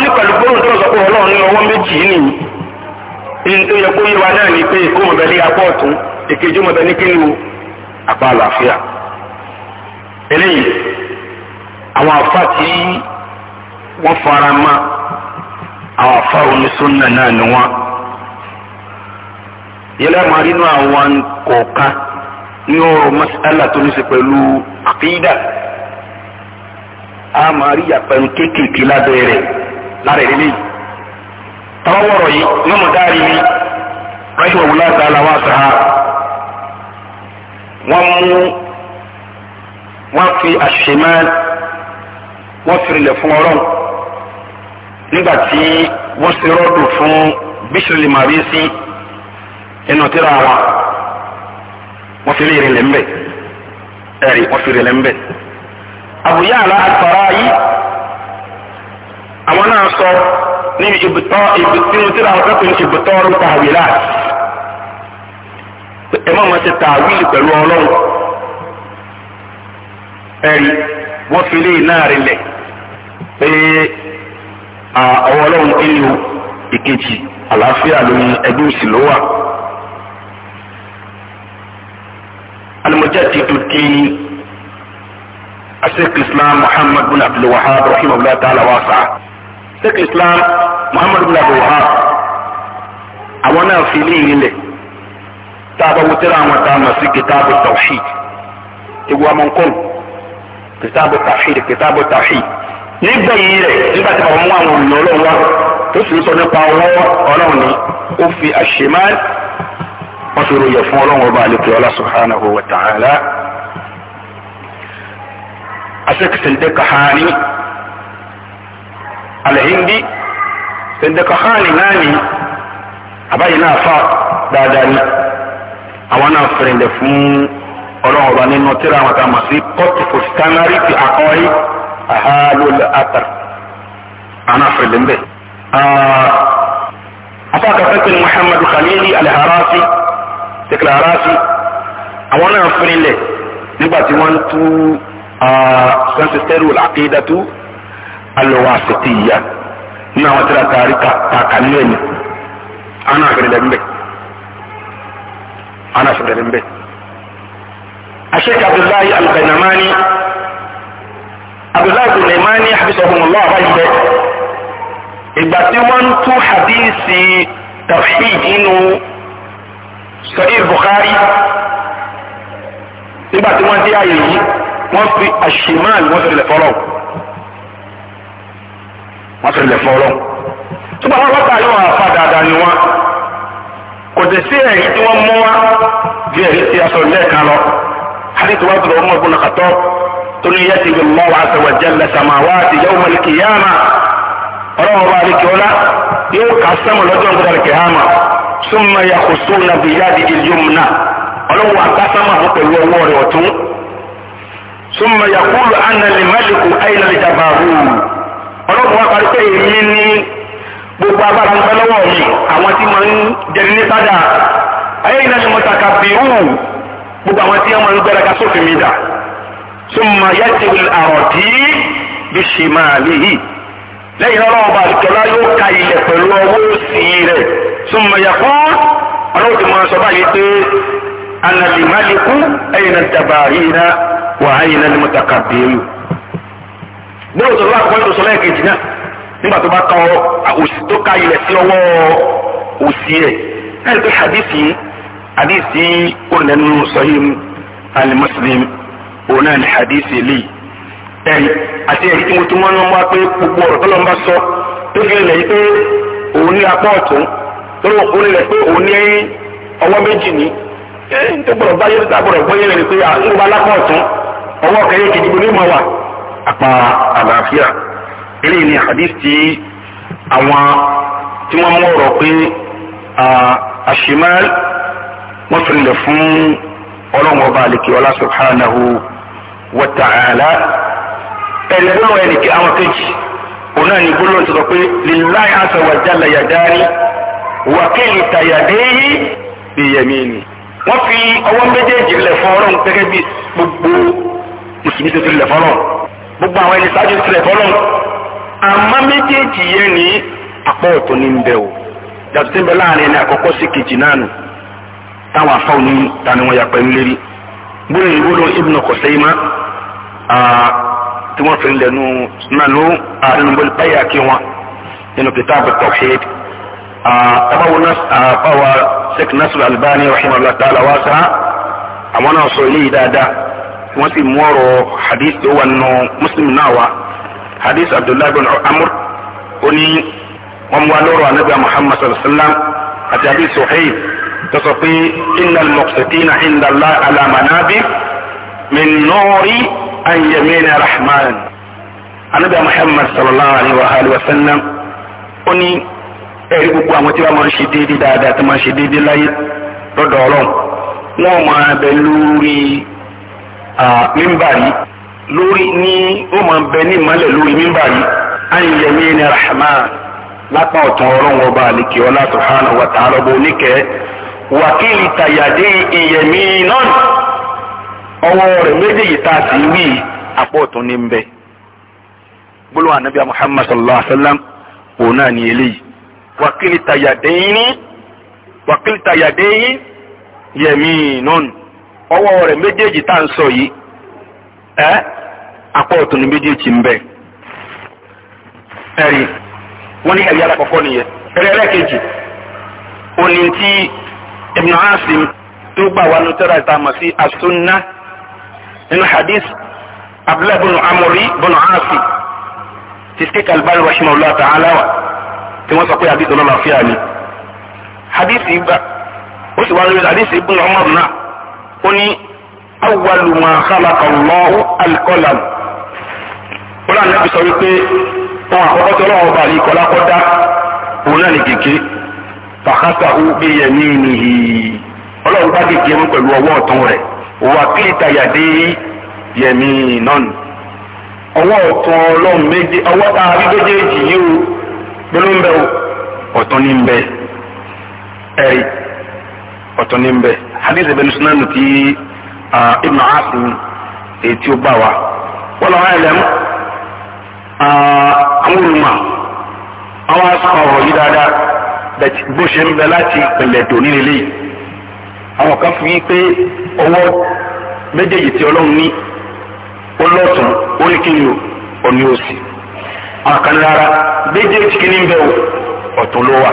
ní pẹ̀lú gbóhùn tó sọ pé ní ọwọ́ méjì nìyí ní tó yẹ kó yé wa náà ni pé èkó mọ̀bẹ ní apá ọ̀tún èkejì mọ̀bẹ ní kíni o apá àlàáfíà wọ́n fara mọ́ àwọn afa onísúnà náà ni wọ́n. yẹlẹ́ máa rí inú àwọn kọ̀ọ̀kan ní ọ̀rọ̀ mas'ala tó ní ṣe pẹ̀lú àkídà a máa rí àpẹnu kéékèèké lábẹ́ rẹ̀ lára ìdílé yìí. tọ́wọ́ wọ̀rọ̀ yìí ní ọmọ dárí mi rẹ́ṣọ̀ wò láti aláwọ̀ àṣà wọ́n mú wọ́n fi àṣìṣe máa wọ́n fi rinlẹ̀ fún ọlọ́run nígbà tí wọ́n ṣe rọ́dù fún bíṣìlì màrísì inú tíra ara wọ́n fi léèrè lẹ́m̀bẹ̀ ẹ̀rí wọ́n fi léèrè lẹ́m̀bẹ̀. àbúyá àlá àtàrà yìí àwọn náà sọ níbi ìbùtọ́ ìbùtínú tíra àwọn pẹ́pẹ́ ní ìbùtọ́ ọ̀rọ̀ tàwílà ẹ má máa ṣe tàwílì pẹ̀lú ọlọ́run ẹ̀rí wọ́n fi léèrè náà rinlẹ̀ pé ọwọ́ ọlọ́run kíni o ìkejì àlàáfíà ló ń ẹgbẹ́ òsì ló wà. alimujaddidu dini asèkì islam muhammad bin abdul wahab rahimahullah ta'ala wa sa asèkì islam muhammad bin abdul wahab àwọn náà fi ní ìrìnlẹ̀ tá a bá wutẹ́rọ àwọn tá a mọ̀ sí kìtàbù tawhid ìwà mọ̀nkọ́n kìtàbù tawhid kìtàbù tawhid nígbẹ̀yìn rẹ̀ nígbà tí bàbá mú àwọn olùyàn ọlọ́run wá tó sì ń sọ nípa ọwọ́ ọlọ́run ni ó fi àṣemá wọ́n fi ròyìn fún ọlọ́run ọba àlekè ọlá subhanahu wa ta'ala. asẹ́kẹ̀sẹ̀ndẹ́kàhání alẹ́hìndí sẹ̀ndẹ́kàhání náà ni àbáyé náà fà dáadáa ni àwọn náà fẹ̀rẹ̀ndẹ̀ fún ọlọ́run ọba nínú tíra àwọn tá a kọ́tù fòsítánárì ti àkọ́rí. أهال الأثر أنا أفرد به آه أفاك فكر محمد خليلي الهراسي تكلا هراسي أولا أفرد له نباتي وانتو آه سنسستيرو العقيدة الواسطية نعم ترى تاريكا تاكاليني أنا أفرد به أنا أفرد به الشيخ عبد الله الغنماني abdullahi bin imani abisahumullah abayi bẹ ìgbà tí wọ́n ń tú hadisi tafhid inú sahih bukhari nígbà tí wọ́n dé ààyè yìí wọ́n fi àṣìmáàlì wọ́n fi lè fọlọ́ wọ́n fi lè fọlọ́ tó wọn lọ́ta yóò àfa dáadáa ni wọn kò dé sí ẹ̀rí tí wọ́n mú wa bí ẹ̀rí tí a sọ lẹ́ẹ̀kan lọ hadith wa dùrọ̀ ọmọ ìbùnà kàtọ́ torí yẹ́tì bí mọ́ wàá sọ̀rọ̀ jẹ́lẹ̀ sàmáwá àti yẹ́wò mẹ́lìkì yáàmà ọlọ́wọ́ bá àlekè ọlá yóò kà sẹ́mu lọ́jọ́ nǹkan kìhámà súnmọ́ ya kò sóun náà bí yáàdì ìlúmùnà ọlọ́wọ́ àgbàsámà fún pẹ̀lú ọwọ́ rẹ̀ ọ̀tún súnmọ́ ya kúlù ánàlì mẹ́lìkù ayélujára ìjàmbá rúù ọlọ́wọ́ àparí pé èmi ní gbogbo agbára ń pẹ́ lọ́wọ́ mi àwọn tí máa ń jẹni ní sádà ayélujára ni mo tàkà bìrù gbogbo àwọn tí wọ́n máa ń gbẹ́ra ká sófin mi dà súnmọ́ yẹ́tìwì àròdì bí ṣe máa léyìí lẹ́yìn ọlọ́run bá àdìkọ́lá yóò ka ilẹ̀ pẹ̀lú ọwọ́ òsì rẹ̀ súnmọ́ yẹ̀kọ́ ọlọ́run ti máa sọ báyìí pé anàlì máàlìkú ẹ̀yìn náà dàbàrí iná wà á yìí náà ní mọ́tàkà bẹ́ẹ̀lú. gbọ́dọ̀ sọ lọ́wọ́ àkọ́yìn lẹ́ẹ̀kejì náà nígbà tó bá ka òsì tó ka ilẹ̀ sí ọwọ́ òsì rẹ̀ ẹ̀rí pé hadisi hadisi kò nínú sahih al-Muslim òun náà ní hadith eléyìí ẹ̀rí àti ẹ̀rí tí mo tún mọ́ ní sọ tó fi pé òun ní apá ọ̀tún tó òun pé òun ní ọwọ́ méjì ní tó gbọ́dọ̀ báyé tó gbọ́dọ̀ gbọ́ yẹn ni pé àńgbà lápá ọ̀tún ọwọ́ kẹyẹ kejì ní mọ̀ apá àlàáfíà eléyìí hadith tí àwọn tí wọ̀tàlá ẹni gbólóhùn ẹni kí àwọn kejì òun náà ní gbólóhùn tó sọ pé lillahi azza wa jalla yadani wa kilta yadayhi bi yamini wọ́n fi ọwọ́ méjèèjì lẹ̀ fún ọlọ́run gẹ́gẹ́ bí gbogbo mùsùlùmí tó ti lẹ̀ fọlọ́run gbogbo àwọn ẹni sáájú ti lẹ̀ fọlọ́run àmọ́ méjèèjì yẹn ní apá ọ̀tọ̀ ní ń o yàtọ̀ tí láàrin ẹni àkọ́kọ́ sí kejì náà nù táwọn afọ́ òní ta ni wọ́n ya pẹ̀lú lérí gbólóyè ìwúlò ibn Khuzaymah tí wọ́n fi ń lẹ́nu nánú àárín bọ́lí báyà kí wọ́n nínú kìtàbù tawhid tabawo afawa sheikh nasir albani rahimahullah ta'ala wa sa àwọn náà sọ eléyìí dáadáa wọ́n sì mú ọ̀rọ̀ hadith tó wà nù muslim náà wá hadith abdullahi bin amur ó ní mú wa anabi muhammad sallallahu alaihi wa sallam àti hadith suhaib tó sọ pé innal muqsitina inda Allah ala manabi min nuri an yamina rahman anabi muhammad sallallahu alayhi wa sallam ó ní ẹ̀rí gbogbo àwọn tí wọ́n máa ń ṣe déédéé dáadáa tó máa ń ṣe déédéé láyé lọ́dọ̀ ọlọ́run wọ́n máa bẹ lórí mímbàrí lórí ní ó máa bẹ ní ìmọ̀lẹ̀ lórí mímbàrí àyẹ̀mí ní rahman lápá ọ̀tún ọlọ́run ọba àlekè ọlá subhanahu wa ta'ala bó oníkẹ́ wàkìlì tàyàdé ìyẹ̀mí náà ọwọ́ rẹ̀ méjèèjì tá a sì wí apá ọ̀tún ní bẹ́ẹ̀ gbólóhùn anabi muhammad sallallahu alaihi wa sallam òun náà ní eléyìí wàkìlì tàyàdé ní wàkìlì tàyàdé ìyẹ̀mí náà ọwọ́ rẹ̀ méjèèjì tá a ń sọ yìí ẹ́ apá ọ̀tún ní méjèèjì ń bẹ́ẹ̀ ẹ̀rí ní ẹ̀rí alákọ̀ọ́kọ́ nìyẹn ẹ̀rí ẹlẹ́ẹ̀kejì òní tí ibn asim tó gbà wà ní tẹ́lá ìta mọ̀ sí asunna nínú hadith abdullahi bin amuri bin asim ti sheikh albani rahimahullah ta'ala wa tí wọ́n sọ pé hadith ọlọ́lá fíà ni hadith ìgbà ó sì wá lórí hadith ibn umar náà ó ní awwalu ma khalaqa Allahu al-qalam ó láǹdà sọ wípé ohun àkọ́kọ́ tí ọlọ́run ọba àlè ìkọlá kọ́ dá òun náà ní gègé fàkàtàhù bíyẹ níìníhì ọlọ́run bá dìde mú pẹ̀lú ọwọ́ ọ̀tún rẹ̀ wà kílìtà yàdé yẹmí nọ́ọ̀nù ọwọ́ ọ̀tún ọlọ́run méje ọwọ́ tá méjèèjì o gbóló ń o ọ̀tún ní ń bẹ ẹ̀rí ọ̀tún ní ń bẹ hadith ibn sunan ti ibn asim èyí ó bá wa wọ́n lọ́wọ́ ẹ̀lẹ́mú àwọn olùmọ̀ àwọn yìí dáadáa. bó ṣe ń bẹ láti ìpìlẹ̀ tòní nílé yìí àwọn kan fi wípé ọwọ́ méjèèjì tí ọlọ́run ní ó lọ́tún ó ní ni ní àwọn kan rárá méjèèjì kí ni ń bẹ o ọ̀tún ló wà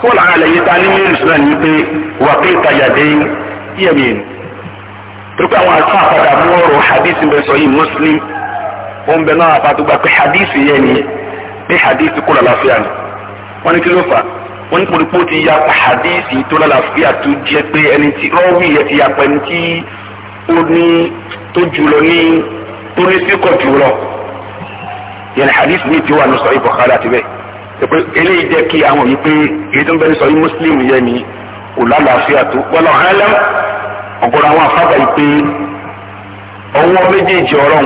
fún làwọn àlẹyé tá a ní mílíọ̀nù sílẹ̀ ní pé wà pé ìtajà dé yẹ̀mí ẹ̀ torí àwọn àpàdà mú ọ̀rọ̀ hadith bẹ sọ yìí Muslim ó bẹ náà àpàtúgbà pé hadith yẹn ni wọ́n ní polúpó ti ya hadisi tó lálàáfíà tó jẹ́ pé ẹni tí rọ́wì ẹ ti yapa ẹni tí ó ní tó jùlọ ní tó ní síkọ̀ jùlọ yẹn hadisi mi ti wà ní sọ̀rọ̀ Bukhari àti bẹ́ẹ̀ pé eléyìí jẹ́ kí àwọn yìí pé èyí tó ń bẹ́ẹ̀ sọ yìí Muslim yẹn ni kò lálàáfíà tó wọ́n hẹ́lẹ́m ọ̀gọ́dọ̀ àwọn afábà yìí pé ọwọ́ méjèèjì ọ̀rọ̀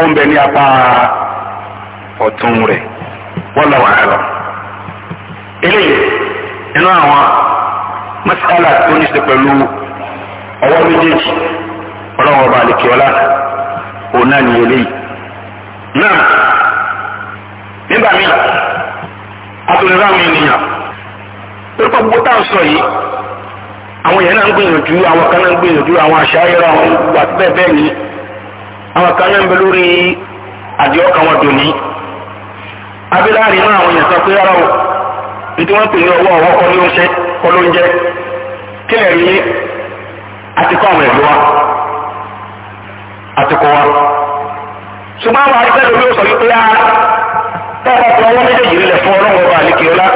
ó ń bẹ ní apá ọ̀tún rẹ̀ wọ́n lọ́wọ́ eléyìí nínú àwọn mọ́sálà tó ní ṣe pẹ̀lú ọwọ́ méjèèjì ọlọ́wọ́ ọba àlekèọ́lá òun náà ní eléyìí náà nígbà míì àtúnyẹ̀wò àwọn ènìyàn orúkọ gbogbo tá sọ yìí àwọn yẹn náà ń gbìyànjú àwọn kan náà ń gbìyànjú àwọn bẹ́ẹ̀ bẹ́ẹ̀ ni àwọn kan náà ń bẹ lórí nítorí wọ́n pè ní ọwọ́ ọwọ́ kọ́ ló ń ṣe kọ́ ló ń jẹ́ kí lè rí àti kọ́ àwọn ẹ̀lú wa àti kọ́ wa. ṣùgbọ́n àwọn akẹ́kọ̀ọ́ ló sọ wípé a tọ́wọ́ tó ọwọ́ méjèèjì rílẹ̀ fún ọlọ́run ọba àlekè ọlá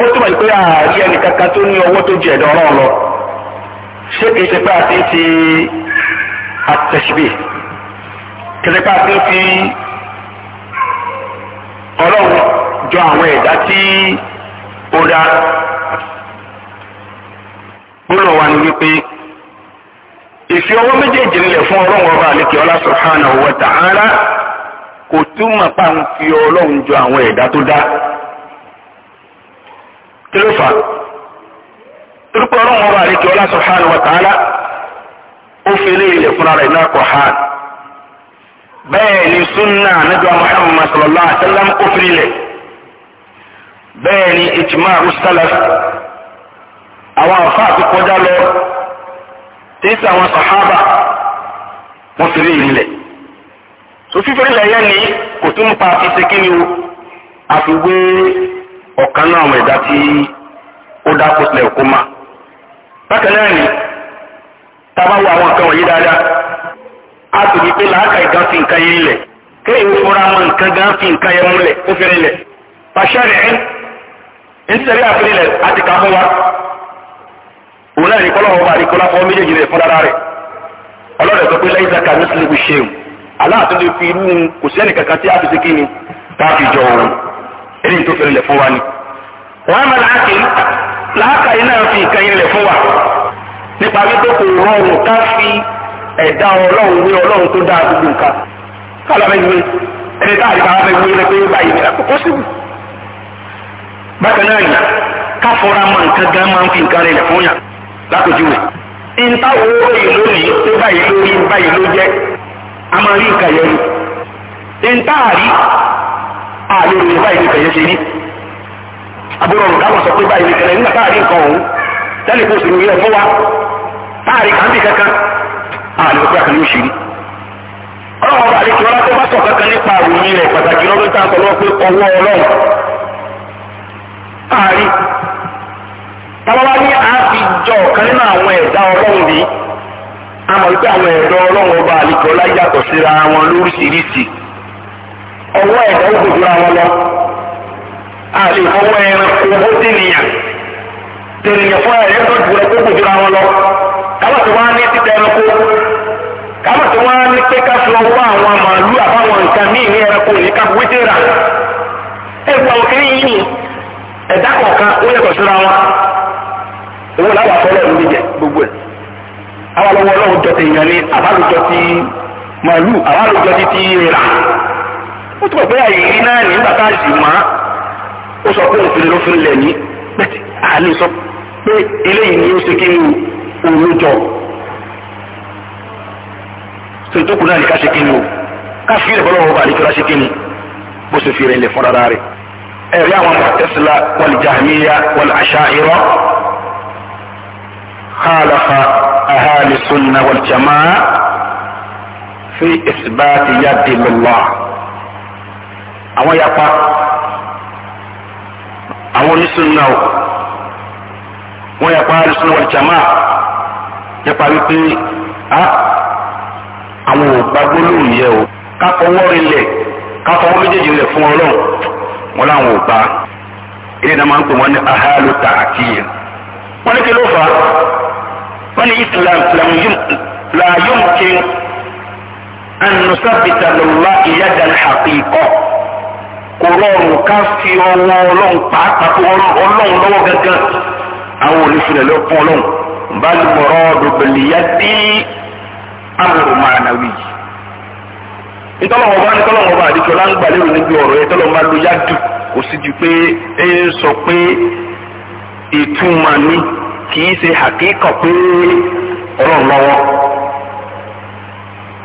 ó túmọ̀ pé àárí ah, ẹnì kankan tó ní ọwọ́ tó jẹ́ ẹ̀dọ̀ ọlọ́run lọ ṣé kìí ṣe pé a ti àtẹ̀síbì kìí ṣe pé a ti ọlọ́run jọ àwọn ẹ̀dá tí ó dá gbọ́dọ̀ wà ní wípé ìfi ọwọ́ méjèèjì nílẹ̀ fún ọlọ́run ọba àlekè ọlá subhanahu wa ta'ala kò túmọ̀ pa ń fi ọlọ́run jọ àwọn ẹ̀dá tó dá kí ló fà á torípé ọlọ́run ọba àlekè ọlá subhanahu wa ta'ala ó fi lé ilẹ̀ fúnra rẹ̀ náà kọ̀ hàn ni sunna nígbà Muhammad sallallahu alaihi wa sallam kó fi lé bẹ́ẹ̀ ni ìtìmọ̀ àrùsálàf àwọn àfáà ti kọjá lọ tí sí àwọn sàhábà wọ́n fi rí ìrìnlẹ̀ so fífẹ́ ilẹ̀ ni kò tún pa àfisẹ́ kí ni o àfi wé ọ̀kan náà àwọn ẹ̀dá tí ó dákó sílẹ̀ ma bákan náà ni a bá wo àwọn nǹkan wọ̀nyí dáadáa a pé làákà fi nǹkan yẹn lẹ̀ kéèyàn fúnra mọ nǹkan gan nítorí àfihàn àti kàmú wa òun náà ní kọ́lọ́wọ́ bá àdìkọ́lá fọ́ méjèèjì rẹ̀ fọ́lára rẹ̀ ọlọ́rẹ̀ sọ pé lẹ́yìn zaka nísìlẹ̀ kò ṣe o aláàtún lè fi irú kò sẹ́ni kankan tí a fi ṣe kí ni tá a fi jọ òun ẹni tó fẹ́rẹ̀ lẹ̀ fún wa ni. wọ́n á máa láàkì láàkà yìí náà fi ìkànnì rẹ̀ fún wa nípa wípé kò rọrùn ká fi ẹ̀dá ọlọ́run wé ọlọ́run tó dáa gbogbo nǹkan. kálọ̀ bákan náà yìí káfọ́ra máa nǹkan gan máa ń fi nǹkan rẹ̀ lẹ̀ fún yà lápèjúwe. ìta owó èyí lónìí tó báyìí lórí báyìí ló jẹ́ a máa rí nǹkan yẹn ni. ìta àrí àlè rẹ̀ báyìí nǹkan yẹn ṣe ní. àbúrò ọ̀rùn káwọn sọ pé báyìí nìkan yẹn nígbà táàrí nǹkan ọ̀hún lẹ́nu kó sì rúyẹ fún wa táàrí kàńtì kankan àlè òkú àkànní òṣèré. ọlọ́run ọba àlejò ọlá tó bá sọ kankan nípa àròyìn rẹ̀ pàtàkì lọ́dún tá a sọ lọ́wọ́ pé ọwọ́ ọlọ́run àárí tábàbá a àfijọ́ ọ̀kan nínú àwọn ẹ̀dá ọlọ́run bíi a mọ̀ wípé àwọn ẹ̀dá ọlọ́run ọba àlejò ọlá yàtọ̀ síra wọn lóríṣiríṣi ọwọ́ ẹ̀dá ó gbogbo àwọn lọ a lè fọwọ́ ẹranko owó dènìyàn dènìyàn fún ẹ̀rẹ́ tó ju ẹgbẹ́ gbogbo àwọn lọ káwọn tó wá ní títẹ ẹranko káwọn tó wá ní pé ká fi ọwọ́ àwọn màálù àbáwọn nǹkan míì ní ẹranko ní ká wíjẹ́ra ẹ̀gbọ́n kìíní ẹ̀dá kọ̀ọ̀kan ó yẹ kọ̀ síra wọn owó làwọn afọlọ́ ìlú jẹ gbogbo ẹ̀ àwọn ọlọ́wọ́ ọlọ́run jọ ti yàn ní àbálòjọ ti màálù àbálòjọ ti ti rà ó tún ọ̀gbẹ́ àyíní náà ní bàtà sì má ó sọ pé òfin ló fi lẹ̀ ní bẹ́ẹ̀ àlè sọ pé eléyìí ni ó ṣe kí ni òun jọ tó tó kù náà ní ká ṣe kí ni o ká fi ìrẹ̀fọ́ lọ́wọ́ bàálí tó ṣe kí ni bó ṣe fi rẹ̀ ilẹ̀ fún rẹ̀ ẹ̀rí àwọn mọ̀tẹ́sílá wal jahmiya wal ashaira khalafa ahali sunna wal jamaa fi isbaati yadi lillah àwọn yapa àwọn onísùnà o wọ́n yapa ahali sunna wal jamaa yapa wípé a àwọn ò gbàgbọ́ lóun yẹ o ká rinlẹ̀ ká méjèèjì rinlẹ̀ fún Ọlọ́run wọn làwọn ò bá ilé náà máa ń pè wọn ní ahalu tààkìyà wọn ní kí ló fà á wọn ní islam la yumkin an nusabita lillahi yadan haqiqa kò rọrùn ká fi ọwọ́ ọlọ́run pàápàá tó ọlọ́run lọ́wọ́ àwọn olùfilẹ̀ lọ́pọ̀ ọlọ́run bá lùmọ̀rọ́ dòbìlì yá dé amòrò màánà wíyì ntọ́lọ́wọ́ bá ní tọ́lọ́wọ́ bá àdìjọ láǹgbà lérò níbi ọ̀rọ̀ yẹn tọ́lọ́wọ́ bá lo yájú kò sí ju pé ẹ ń sọ pé ìtumọ̀ ni kì í ṣe àkíkọ̀ pé ọlọ́run lọ́wọ́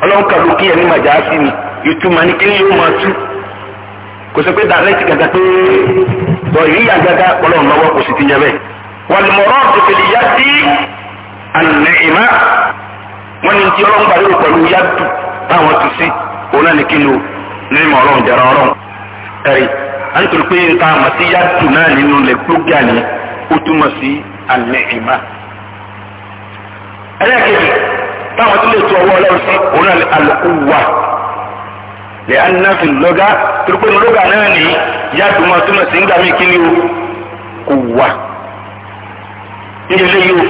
ọlọ́run kàlù kí ẹni màjá sí ni ìtumọ̀ ni kí yóò máa tú kò sí pé dàrẹ́tì gàgà pé ọ̀yìn ìyá gàgà ọlọ́run lọ́wọ́ kò sì ti yẹ bẹ́ẹ̀ wàlùmọ̀rọ̀ ti fèlè yá sí ànàìmá wọn ni ti ọlọ́run gbàlérò pẹ̀lú yá dùn táwọn ti sí òun náà ní kí lu nímọ̀ ọlọ́run jẹrọ ọlọ́run ẹ̀rí a ń torí pé nta àmàtí yàtù náà nínú lè gbógbà ní ó túmọ̀ sí àlẹ́ ìmá. ẹlẹ́kejì táwọn tó lè tu ọwọ́ ọlọ́run sí òun náà àlùkù wà lè á ná fi lọ́gá torí pé lọ́gá náà ní yàtù máa túmọ̀ sí ńgbà mí kí ni o kò wà. níbi eléyìí o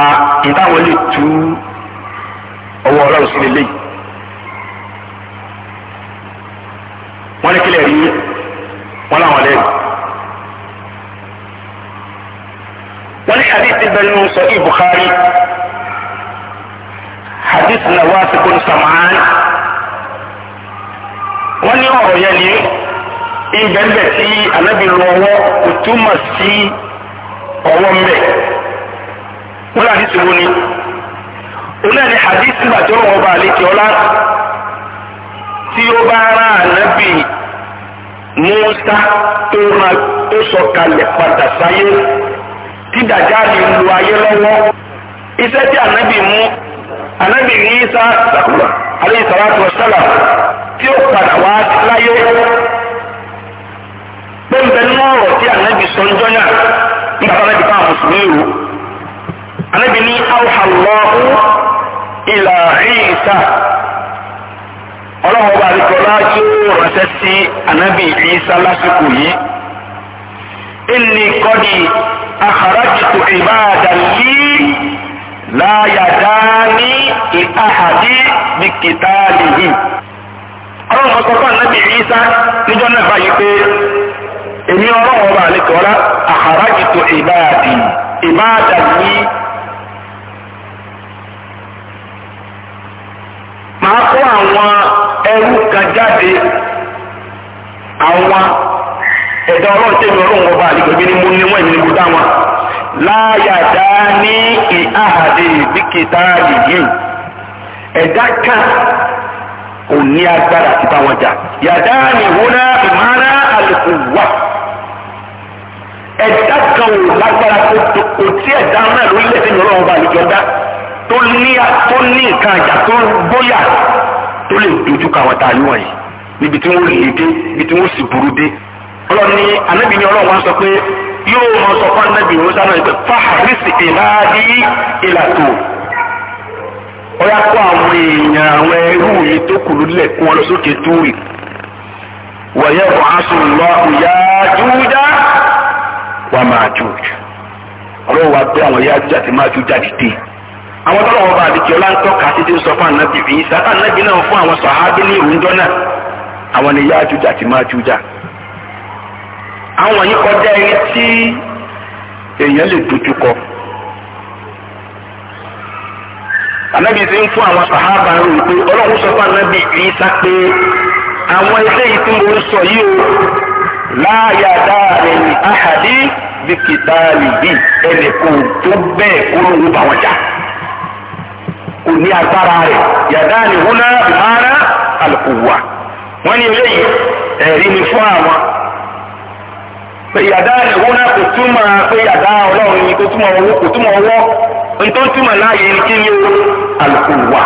a ìtàwọn tu ọwọ́ ọlọ́run sí lélẹ́yìí. wọ́n ní kílẹ̀ rí wọ́n làwọn lẹ́rù. wọ́n ní hadith bẹ́ẹ̀ nù sọ Bukhari hadith Nawas bin Sam'an wọ́n ní ọ̀rọ̀ yẹn ní ìbẹ̀ǹbẹ̀ tí anábì lu ọwọ́ kò túmọ̀ sí ọwọ́ mbẹ̀ wọ́n ní hadith wo ni wọ́n ní hadith nígbà tí wọ́n wọ́n bá àlejò ọlá tí ó bá rán ànábì Mùsá tó máa tó sọ̀kalẹ̀ padà sáyé tí dàjáde lu ayé lọ́wọ́ iṣẹ́ tí ànábì mú ànábì ní Ìsá sàkúrà alayhi salatu wa salam tí ó padà wá láyé pẹ́ńpẹ́ nínú ọ̀rọ̀ tí ànábì sọ ń jọ́yà nígbà tó ànábì fáwọn mùsùlùmí rò ànábì ní awha Allahu ila ọlọ́run ọba àdìkọ́lá tí ó ránṣẹ́ sí anabi Isa lásìkò yìí inni kọ́ni akharajtu ibadan li la yadani li ahadi bi qitalihi ọlọ́run ọkọ̀ fún anabi Isa níjọ́ náà báyìí pé èmi ọlọ́run ọba àdìkọ́lá akharajtu ibadi ibadan li. màá kó àwọn ẹrú kan jáde àwọn ẹ̀dá ọlọ́run tí èmi ọlọ́run ọba àdìgbẹ́gbẹ́ ni mo ní wọ́n èmi ni mo dá wọn láyà dá ní ìhàdè bíkítà yìí ẹ̀dá kan kò ní agbára àti bá wọn jà yàdá ni ìwúrà ìmárà àlùkò wà ẹ̀dá kan ò lágbára kò tí ẹ̀dá náà lórílẹ̀-èdè ìyọ̀rọ̀ ọba àdìgbẹ́gbẹ́ tó ní nǹkan àjà tó bóyá tó lè dojú kọ àwọn tá a yí wọ̀nyí níbi tí wọ́n lè dé níbi tí wọ́n sì burú dé ọlọ́run ní anábì ní ọlọ́run wọn sọ pé yóò mọ sọ fún anábì òun sáré pé fáhàrísì ìbáàdí ìlàtò ọyá kó àwọn èèyàn àwọn ẹrú mi tó kù lulẹ̀ kó wọn lọ sókè túwì wọ̀yẹ́ bọ̀ aṣọ́nùlọ́ ìyá júúdá wà máa jù ọlọ́run wa gbé àwọn ìyá júúdá ti máa júúdá dìde. àwọn tọ́lọ̀ wọn bá àdìkí ọlá ń tọ́ka títí ń sọ fún ànábì yìí sátá ànábì náà fún àwọn sàhábí ní ìrù náà àwọn ni ti máa jújà àwọn yìí kọjá ẹni tí èèyàn ti ń fún àwọn sàhábà ń rò pé ọlọ́run sọ fún ànábì yìí sá pé àwọn ilé yìí tí mo ń sọ yìí o láàyà dáàrin àhàdí bí kìtàlì ẹnì kò tó bẹ́ẹ̀ bá kò ní agbára rẹ̀ yàrá ni húná ìmára àlùkùwà wọ́n ní eléyìí ẹ̀rí ni fún àwọn pé yàrá ni húná kò túmọ̀ pé yàrá ọlọ́run ni kò túmọ̀ owó kò túmọ̀ ọwọ́ ntọ́ túmọ̀ láàyè ni kí ni o àlùkùwà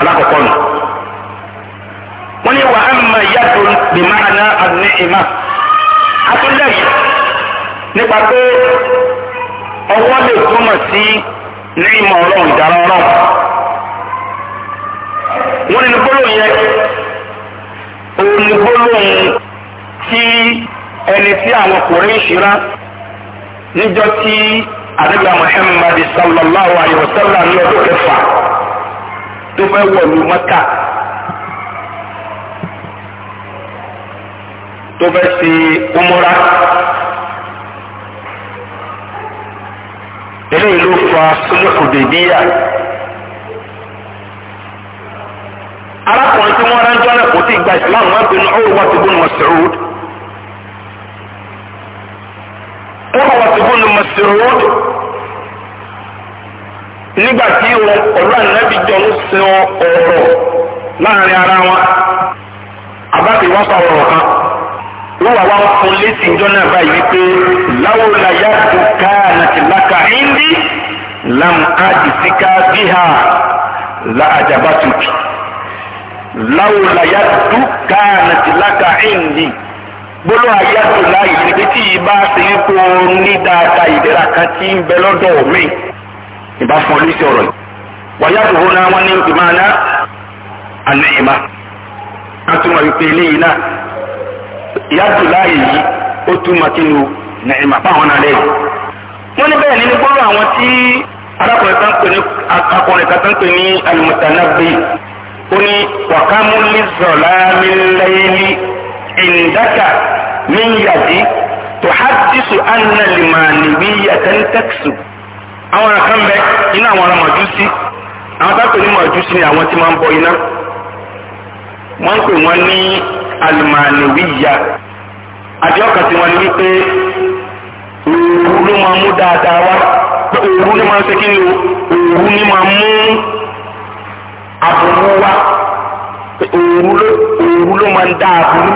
alákọ̀ọ́kọ́ nù wọ́n ní wàá mọ̀ yàtọ̀ bí máa ná àdínní ìmá àtúndẹ̀yìn nípa pé ọwọ́ lè túmọ̀ sí ní ìmọ̀ ọlọ́run ìdára ọlọ́run wọ́n ní gbólóhùn yẹn òun ní gbólóhùn tí ẹni tí àwọn kùnrin ìṣúra níjọ́ tí àdébíà Muhammad sallallahu alayhi wa sallam ní ọdún kẹfà tó fẹ́ wọ̀lú Mẹ́kà tó fẹ́ ṣe umura. eléyìí ló fa sọlẹ́kù dèbíyà arákùnrin tí wọ́n ránjọ́ náà kò tí ì gba ìsìláàmù wọn pinnu ọ̀rọ̀ wọn ti bú ní Mas'ud ọ̀rọ̀ wọn ti nígbà tí ọ̀rọ̀ ànábì jọ ń sin ọ̀rọ̀ láàrin ara wọn abáàbí wọn fa ọ̀rọ̀ kan wíwà wá wá fún létí ìjọ náà báyìí wípé láwùlà yàtò káànà tìlákà índí lam àdìsíká bíhà la àjàbá tutù láwùlà yàtò káànà tìlákà índí gbólóhùn ayàtò láàyè níbi tí ìbá ṣe ń kó ní dáadáa ìdẹ́ra kan tí ń bẹ lọ́dọ̀ mi ìbá fún ọ létí ọ̀rọ̀ yìí wàyàtò hó náà wọ́n ní ìmáná àná ìmá. a tún wà wípé eléyìí náà. ìyá abdullahi yìí ó túmọ̀ sínú nàìjíríà fáwọn náà lẹ́yìn. wọ́n ní bẹ́ẹ̀ nínú gbọ́dọ̀ àwọn tí arákùnrin kan pè ní akọrin kan kan pè ní alimusanabbi ó ní wàkàmúlì zọlá ìndàkà mi yàdí tòhádìsù yàtẹ́ntẹ́kìsù. àwọn kan bẹ iná àwọn àwọn a pè ní na ni àwọn máa ń bọ iná. wọ́n ń alimanewiya àdìọ́kàn tí wọ́n ní wípé òru ló máa mú dáadáa wá pé òru ní máa ń sekí ni òru ní máa mú aburú wá pé òru ló òru ló máa ń dá aburú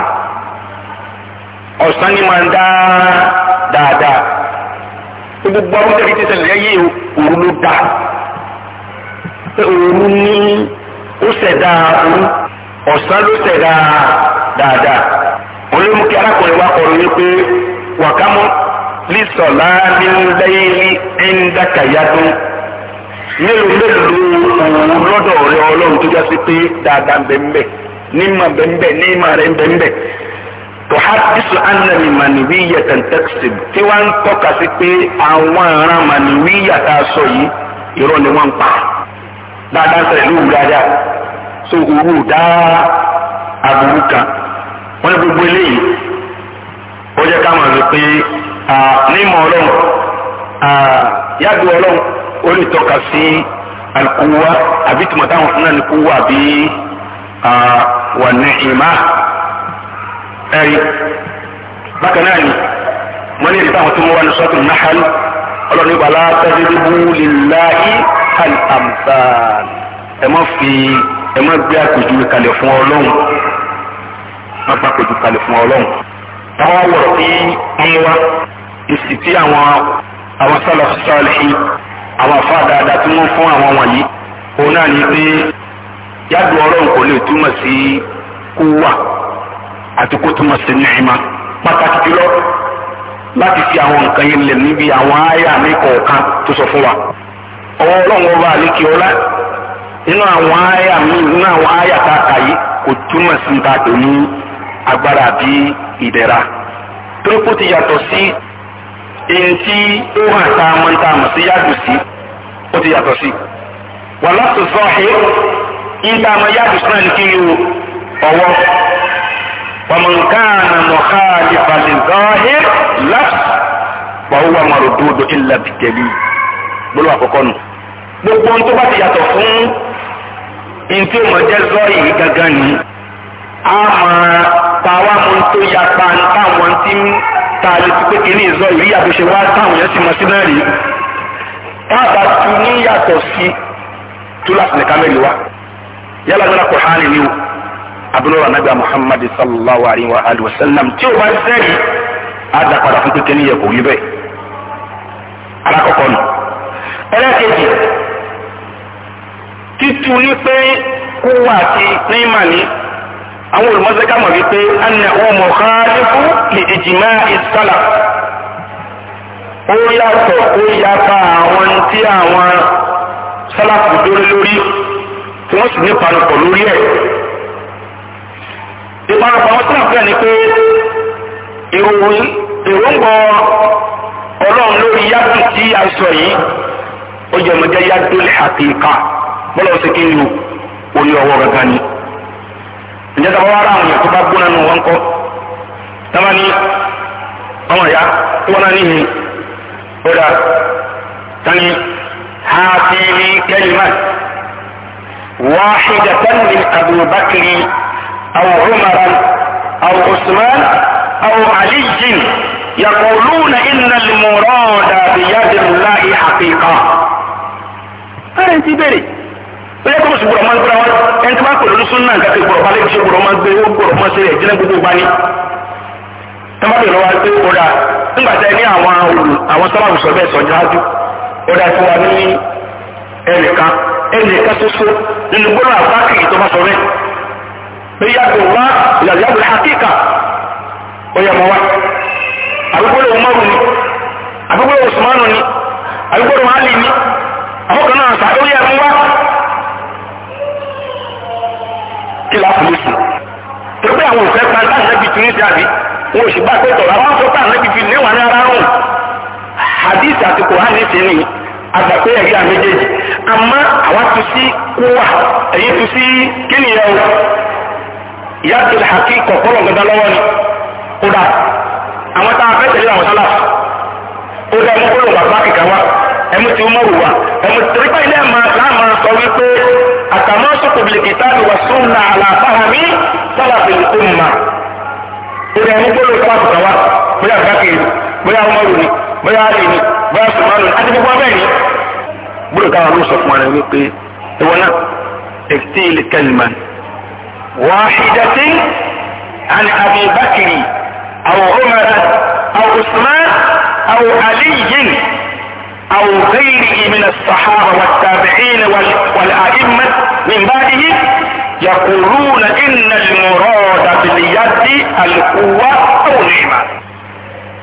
ọ̀sán ní máa ń dá dáadáa gbogbo ọdún tẹ̀lé ti ṣẹlẹ̀ yẹ òru ló dá pé òru ní ó ṣẹ̀dá aburú. ọ̀sán ló tẹ̀ dáadáa olóyún kí arákùnrin wa kọ̀ọ̀rọ̀ yín pé wàkámọ́ lísọ̀ láàrin lẹ́yìn ẹ̀ńdàkàyàdún mélòó mélòó lọdọ ọ̀rẹ́ ọlọ́run tó jásí pé dáadáa bẹ́ńbẹ́ níma bẹ́ńbẹ́ níma rẹ̀ bẹ́ńbẹ́ tí ń sí pé àwọn ará tá a sọ yìí ni ń pa dáadáa so owó dá aburú kan wọ́n ní gbogbo eléyìí ó jẹ́ ká mọ̀ wípé nímọ̀ ọlọ́run yàgbé ọlọ́run ó lè tọ́ka sí alikuwa àbí tùmọ̀ táwọn fún alikuwa àbí wà ní ìmá ẹ̀rí bákan náà ni wọ́n ní ìdíbà àwọn tó mú wa ní sọ́tún náhàlú ọlọ́run ìgbàlá tẹ́lẹ̀ bú lè láyé àmì àmì sáà fi ẹ má gbé àpèjúwe kalẹ̀ fún ọlọ́run má gbé àpèjúwe kalẹ̀ fún ọlọ́run táwọn wọ̀rọ̀ tí wọ́n mú wa èsì tí àwọn àwọn sálà sálì àwọn afá dáadáa tí wọ́n fún àwọn wọ̀nyí òun náà ní pé yàgò ọlọ́run kò lè túmọ̀ sí kó wà àti kó túmọ̀ sí nìyíma pàtàkì jùlọ láti fi àwọn nǹkan yẹn lẹ̀ níbi àwọn àyà mi kọ̀ọ̀kan tó sọ fún wa ọwọ́ ọlọ́run ọba àlékè ọlá nínú àwọn àyà nínú àwọn àyà tá a kà yìí kò túmọ̀ sí ta pè ní agbára àbí ìdẹ̀ra torípò ti yàtọ̀ sí èyí tí ó hàn tá a mọ̀ tá a ti yàtọ̀ sí wàlá tó sọ ẹ ìgbà àmọ́ yàgò sí náà ní kí ni o ọwọ́ ọmọnìkan mọ̀ká àlefàlè zọ́ọ́hẹ́ láti wàhùwà mọ̀rọ̀ dúdú ìlà bìtẹ̀lì gbọ́dọ̀ gbogbo ohun ti yàtọ̀ fún nti mo jẹ lọ́ọ̀yì gangan ni a máa tàwa mo tó yapa táwọn tí ń ta létí pé kìíní ìzọ yìí yàtọ̀ ṣe wá táwọn yẹn ti mọ sí náà rí táàbà tu ní yàtọ̀ sí tó láti nìkan mẹ́rin wa yálà nílá kò hánì ni o abúlọ́wà nàgbà Muhammad sallallahu alayhi wa alihi wa sallam tí o bá sẹ́yìn á dà fún pé kìíní yẹ kò rí bẹ́ẹ̀ alákọ̀ọ́kọ́ nù ẹlẹ́kẹ̀ẹ́jì títú ní pé kó wà sí ní màní àwọn olùmọ́sẹ́ká mọ̀ wípé anna ọmọ káàdìkú lè ìjìmá ìsálà ó yàtọ̀ ó yapa àwọn tí àwọn sálàkù dórí lórí tí wọ́n sì ní ìpanupọ̀ lórí ẹ̀ ìpanupọ̀ àwọn tí wọ́n fẹ́ ni pé ìròyìn èròǹgbọ ọlọ́run lórí yàtọ̀ tí a sọ yìí ó jẹ́ mọ̀jẹ́ yàtọ̀ lè àti bọ́lá ọ̀sẹ̀ kéyìn o orí ọwọ́ gangan ni ǹjẹ́ tí a bá wá ara àwọn èèyàn tó bá gbóná nù wọn kọ́ tábà ní ọmọ ìyá tó wọn náà níhìn ó dà tani hàtìlì kẹlìmà wàhídàtàn ní abubakiri àwọn ọmọràn àwọn usman àwọn aliyin. يقولون ان المراد بيد الله حقيقه. أنت بري bẹ́ẹ̀ kó sì gbọ́dọ̀ máa ń gbọ́dọ̀ wá ẹni tí wọ́n pè lórí súnà nǹkan ti gbọ́dọ̀ máa lè ṣe gbọ́dọ̀ gbé ó gbọ́dọ̀ máa ṣe rẹ̀ gbogbo wa ni. ẹ má bẹ̀rẹ̀ wá pé ọ̀dà nígbà tá ẹ ní àwọn olù àwọn sábàbù sọ bẹ́ẹ̀ sọ̀jà ájú ọ̀dà tí wà ní ẹnìkan ẹnìkan ṣoṣo nínú gbọ́dọ̀ àbákì tó bá sọ rẹ̀ pé yàgò wá yàgò hakíkà ó yẹ mọ́ wá àbúgbọ́dọ̀ Umaru ni àbúgbọ́dọ̀ Usmanu ni àbúgbọ́dọ̀ kí la fi lóṣù tó pé àwọn òfẹ́ pa láti ẹbí tún ní jáde wọn ò sì gbà pé tọ̀rọ̀ àwọn sọ́kà níbi fi léwà ní ara rùn hadith àti Kùránì ti ní àgbàpé ẹ̀rí àméjèèjì àmọ́ àwọn tún sí kúwà èyí tún sí kíníyà o ìyá tó lè hàkí kọ̀kọ́rọ̀ gbẹdá lọ́wọ́ ni kódà àwọn táwọn fẹ́ àwọn sálà ó dá ẹni kúrò bàbá kíkà wá ẹmu ti umaru wa ẹmu tiripa ilé ẹ̀ma láàmà sọ wípé àtàmọ́ sọ́kùbìlì kìtàbí wà sunna àlà fáhàmì sálàfì umma. ìrẹ̀ ẹni gbọ́dọ̀ tó àtúntà wa bóyá àgbàkiri bóyá umaru ni bóyá ali ni bóyá sùmánù ni àti gbogbo abẹ́ ni. gbọ́dọ̀ káwọn ló sọ fún ara wípé ìwọ náà tẹ̀síìlì kẹlìmán wàhídàtì عن ابي بكر او عمر او عثمان او علي أو غيره من الصحابة والتابعين والأئمة من بعده يقولون إن المراد باليد القوة أو الإيمان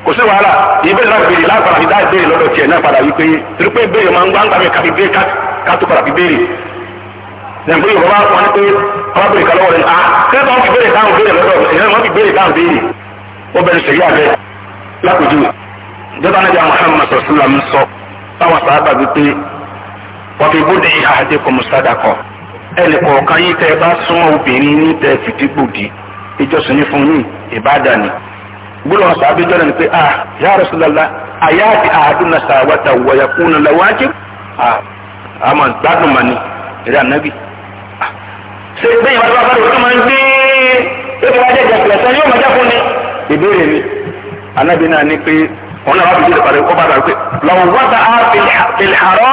kò sí wàhálà ìbéèrè náà béèrè lágbára fi dá ìbéèrè lọ́dọ̀ tiẹ̀ náà padà wípé torípé béèrè máa ń gbá ń gbà mí béèrè kátó padà fi béèrè nàìjíríà yorùbá bá wọn pé ọba béèrè kan lọ́wọ́ rẹ̀ ah kẹ́lẹ́ bá fi béèrè dáhùn béèrè lọ́dọ̀ ìyẹn wọn fi béèrè dáhùn béèrè ó bẹ̀rẹ̀ sẹ̀yà bẹ́ẹ̀ lápòjú ìjọba nàìjíríà muhammad sọ̀rọ̀ sọ báwọn sábà wípé wọ́n fi bóde àdékùn mùsàdàkọ̀ ẹnì kọ̀ọ̀kan yìí tẹ́ ẹ bá súnmọ́ obìnrin ní tẹ́ fìdígbòdì ìjọsìn ní fún yìí ìbádà ni gbọ́dọ̀ wọn sábà jọ́nà ni pé a ya Rasulullah àyà àti àádúnà sàwátà wọ̀yà kúnnà lẹ́wọ́njẹ́ àmọ́ gbádùn mà ní ìrẹ́ ànábì. ṣé bẹ́ẹ̀ wọ́n bá bá lọ́wọ́ máa ń gbé ẹgbẹ́ wájú ẹ̀jẹ̀ pẹ̀lẹ́sẹ̀ yóò máa wọn náà wá fi jíjẹ parí ó bá dàrú pé lọ́wọ́ wọ́tà á fìlhàrọ́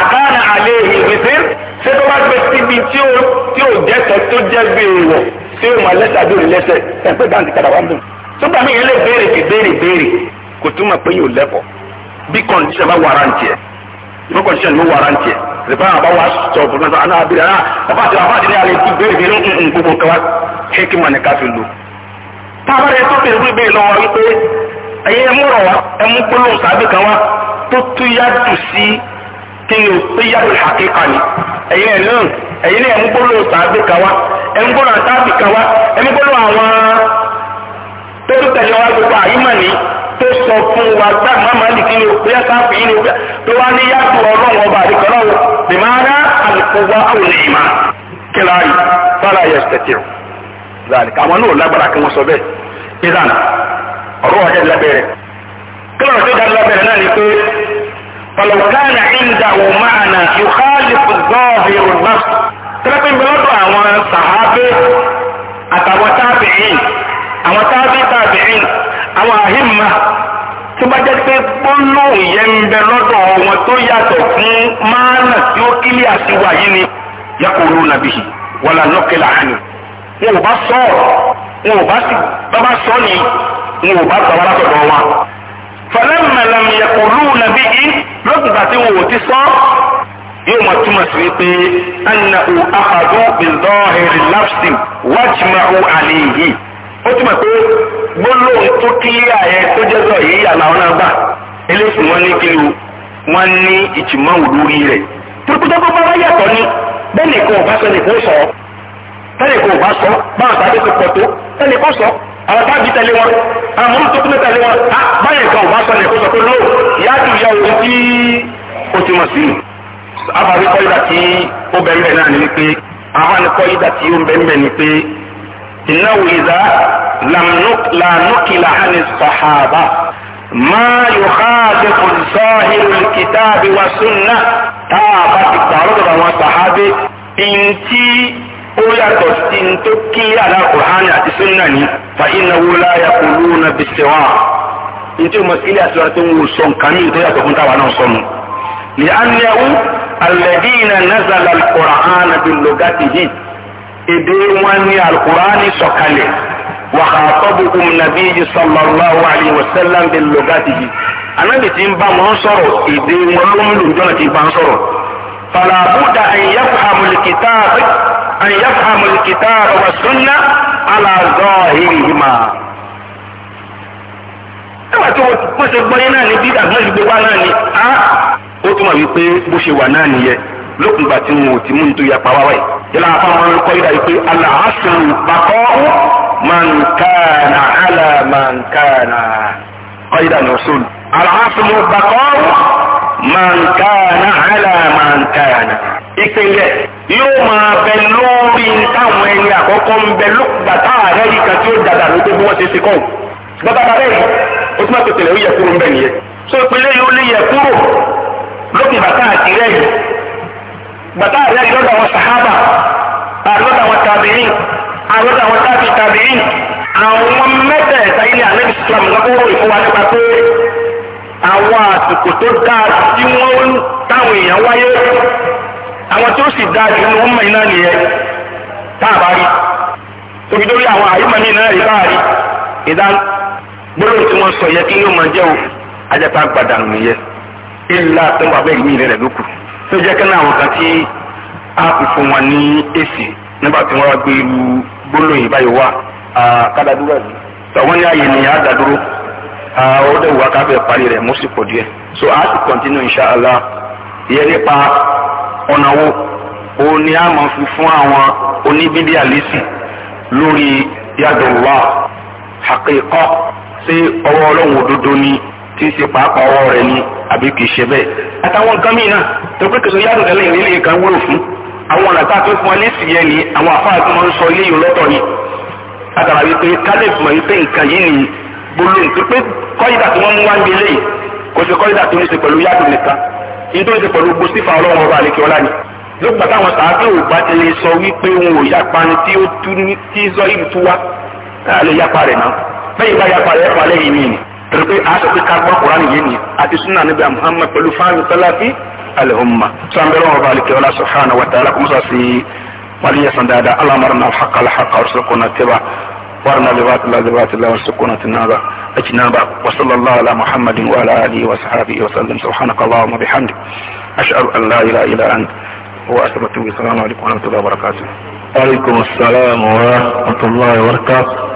àkáàna àlẹ́ ìrìnsì ṣé tó bá gbé síbi tí ó tí ó jẹ́ tọ́ tó jẹ́ gbé wọ̀ tí ó máa lẹ́sẹ̀ àbí òrìlẹ́sẹ̀ ẹ̀ pé dáǹtì padà wá ń dùn. sọ́gbà mi yẹn lè béèrè kì béèrè béèrè kò túmọ̀ pé yóò lẹ́fọ̀ bí kọ̀ǹdíṣẹ̀ bá wàrà ń tiẹ̀ bí ló wàrà ń tiẹ̀ rìbá àbá wa ẹ̀yin ẹ múrọ̀ wá ẹ mú gbólóhùn sàbẹ̀ kan wá tó tú yádù sí kí ni o pé yádù hakíkà ni ẹ̀yin ẹ̀ náà ẹ̀yin náà ẹ mú gbólóhùn sàbẹ̀ kan wá ẹ mú gbólóhùn sàbẹ̀ kan wá ẹ mú gbólóhùn àwọn tó tó tẹ̀lé wa gbogbo àyímọ̀ ni tó sọ fún wa gbá màmá ní kí ni o pé sáfì yín ni o tó wá ní yádù ọlọ́run ọba àdìkọ́ náà bìmọ̀ ara àlùkò wa àwọn èèyàn kíláà yìí fọlá yẹ ọ̀rọ̀ wà jáde lábẹ́rẹ̀ kílọ̀ tó jáde lábẹ́rẹ̀ náà ni pé pàlọ́kánà ìdá òmáàna ìkáàlì gọ́ọ̀bì òdùbá tẹ́lẹ́pẹ́ ń bẹ lọ́dọ̀ àwọn sàhábé àtàwọn tábìín àwọn tábì tábìín àwọn àhímà tó bá jẹ́ pé gbóló ìyẹn ń bẹ lọ́dọ̀ wọn tó yàtọ̀ fún máàna tí ò bá sọ wọn ò bá sọ ni wọn bá gbà wá látọ̀dọ̀ wa. fẹlẹ́mà lẹ́mi ẹ̀kọ́lù nàbí yìí lọ́kùnkà tí ti sọ yóò máa túmọ̀ sí wípé ẹnna o àpàdó ìzọ́hìrì lápsì wájúmọ́ o àlè yìí ó túmọ̀ pé gbólóhùn tó kílíà yẹ tó jẹ́ sọ yìí àlàó náà gbà eléyìí wọn ní kí wọn ní ni bẹ́ẹ̀ ni kò bá sọ ni kò sọ ni kò bá sọ báwọn sọ. àwọn báàgì tẹ̀lé wọn àwọn mọ́tò tó tún tẹ̀lé wọn á báyẹn kan ò bá sọlẹ̀ kó sọ pé lóò yáàdù ìyá òun tí o ti mọ̀ sínú. àbáwí kọ́ ìdà tí ó bẹ̀rẹ̀ náà ni wípé àbáni kọ́ ìdà tí ó bẹ̀rẹ̀ ni pé ìnáwó ìdá lànàkìlà hàn sàhábà máa yóò ká àdékù sọ́hìrì kìtàbí wa súnà tá a bá ti gbà ó yàtọ̀ sí ní tó kí alákùránì àti sunna ní fa iná wo láyà kò lóun bìtẹ̀wá ní tí o mọ̀ sílẹ̀ àti wàtí wọn ò sọ nǹkan ní ìtọ́jà tó fún táwa náà sọnù. lè anẹ́wò alẹ́dínà nazala alukur'ana bí lọ́gàtì yìí èdè wọn ní alukur'ani sọ̀kalẹ̀ wàhátọ́bùkún nàbí yìí sallallahu alayhi wa bí lọ́gàtì yìí. anábì tí ń bá wọn sọ̀rọ̀ èdè wọn ló ń lò jọ́nà tí ń bá wọn sọ̀rọ̀. fàlàbùdà àyẹ̀kọ́ àmúlẹ̀kìtà أن يفهم الكتاب والسنة على ظاهرهما nígbà tí wọ́n ṣe gbọ́ yín náà ni bí àgbọn ìgbé wa náà ni á ó túmọ̀ wípé bó ṣe wà náà nìyẹn lókun ìgbà tí wọn ò ti mú nítorí apá wa wáyé yálà apá wọn ń kọ́ yíra wípé aláhásùn bàkọ́ mànkànà àlà mànkànà kọ́ yíra ní ọ̀ṣun aláhásùn bàkọ́ mànkànà àlà mànkànà ìpínlẹ̀ yóò máa bẹ lórí táwọn ẹni àkọ́kọ́ ń bẹ lókùgbà táwọn àrẹ́rì kan tí ó dàdà ló dé bí wọ́n ṣe ṣe kọ́ bàbá bàbá yìí ó tún bá tètè lẹ́yìn yẹkúrò ń bẹ̀ nìyẹn so ìpínlẹ̀ yìí ó lè yẹ kúrò lókùgbà táwọn àtìrẹ́ yìí gbàtà àrẹ́rì lọ́dọ̀ àwọn sàhábà àlọ́dọ̀ àwọn tàbíyìn àlọ́dọ̀ àwọn tàbí tàbíyìn àwọn mẹ́tẹ̀ẹ̀ta ilé alẹ́ àwọn àsìkò tó dáa tí wọ́n táwọn èèyàn wáyé àwọn tí ó sì dáa jù ní wọ́n iná nìyẹn tá a bá rí torí lórí àwọn àyímọ̀ mi náà rí bá a rí ìdá gbólóhùn tí wọ́n sọ yẹ kí yóò máa jẹ́ o ajẹ́pá gbàdánù nìyẹn ìlà tó wà bẹ́ẹ̀ yìí rẹ̀ lókù tó jẹ́ kí náà wọn kan tí a kò fún wọn ní èsì nígbà tí wọ́n wá gbé irú gbólóhùn báyìí wá kádàdúrà yìí tọ́ wọ́n ní àyè nìyẹn á dàdúró ó dẹ̀ wá káfẹ́ parí rẹ̀ mú sí pọ̀ díẹ̀ so a ti continue inshallah yẹ nípa ọ̀nà wo òun ni a máa fi fún àwọn oníbídíà lésì lórí yàdùnlá àkẹ́kọ̀ọ́ ṣé ọwọ́ ọlọ́run òdodo ni tí ń ṣe pàápàá ọwọ́ rẹ̀ ni àbí kìí ṣe bẹ́ẹ̀. àtàwọn nǹkan mìíràn tó pé kìsọ yàtọ̀ tẹ́lẹ̀ ìrìn ilé kan wúlò fún àwọn ọ̀nà tá a pín fún wọn lésì yẹn ni àwọn àfáà tó máa ń sọ ilé yìí lọ́tọ̀ wípé kálíf mọ̀ wípé nǹkan yìí ni gbólóhùn tó pé tí wọ́n mú wá ń gbélé nítorí ti pẹ̀lú gbogbo sífà ọlọ́run ọba àlekè ọlá ni lókùnbà táwọn sàábẹ́ ò bá ti lè sọ wípé wọn ò yapa ni tí ó tú ní tí zọ ìlú tú wá káà lè yapa rẹ̀ náà bẹ́ẹ̀ bá yapa rẹ̀ yapa lẹ́yìn mi ni pẹ̀lú pé aṣọ pé kápá kùránì yé ni àti súnà níbi Muhammad pẹ̀lú fáwọn sálàfí alihumma sàmbẹ́rẹ́ ọba àlekè ọlá subhanahu wa ta'ala kò mọ́sá sí dáadáa alámọ̀ràn náà وارنا لبات الله ذبات الله والسكونة النابة اجنابة وصلى الله على محمد وعلى اله وصحابه وسلم سبحانك اللهم وبحمدك اشهد ان لا اله الا انت واستغفرك السلام عليكم ورحمه الله وبركاته وعليكم السلام ورحمه الله وبركاته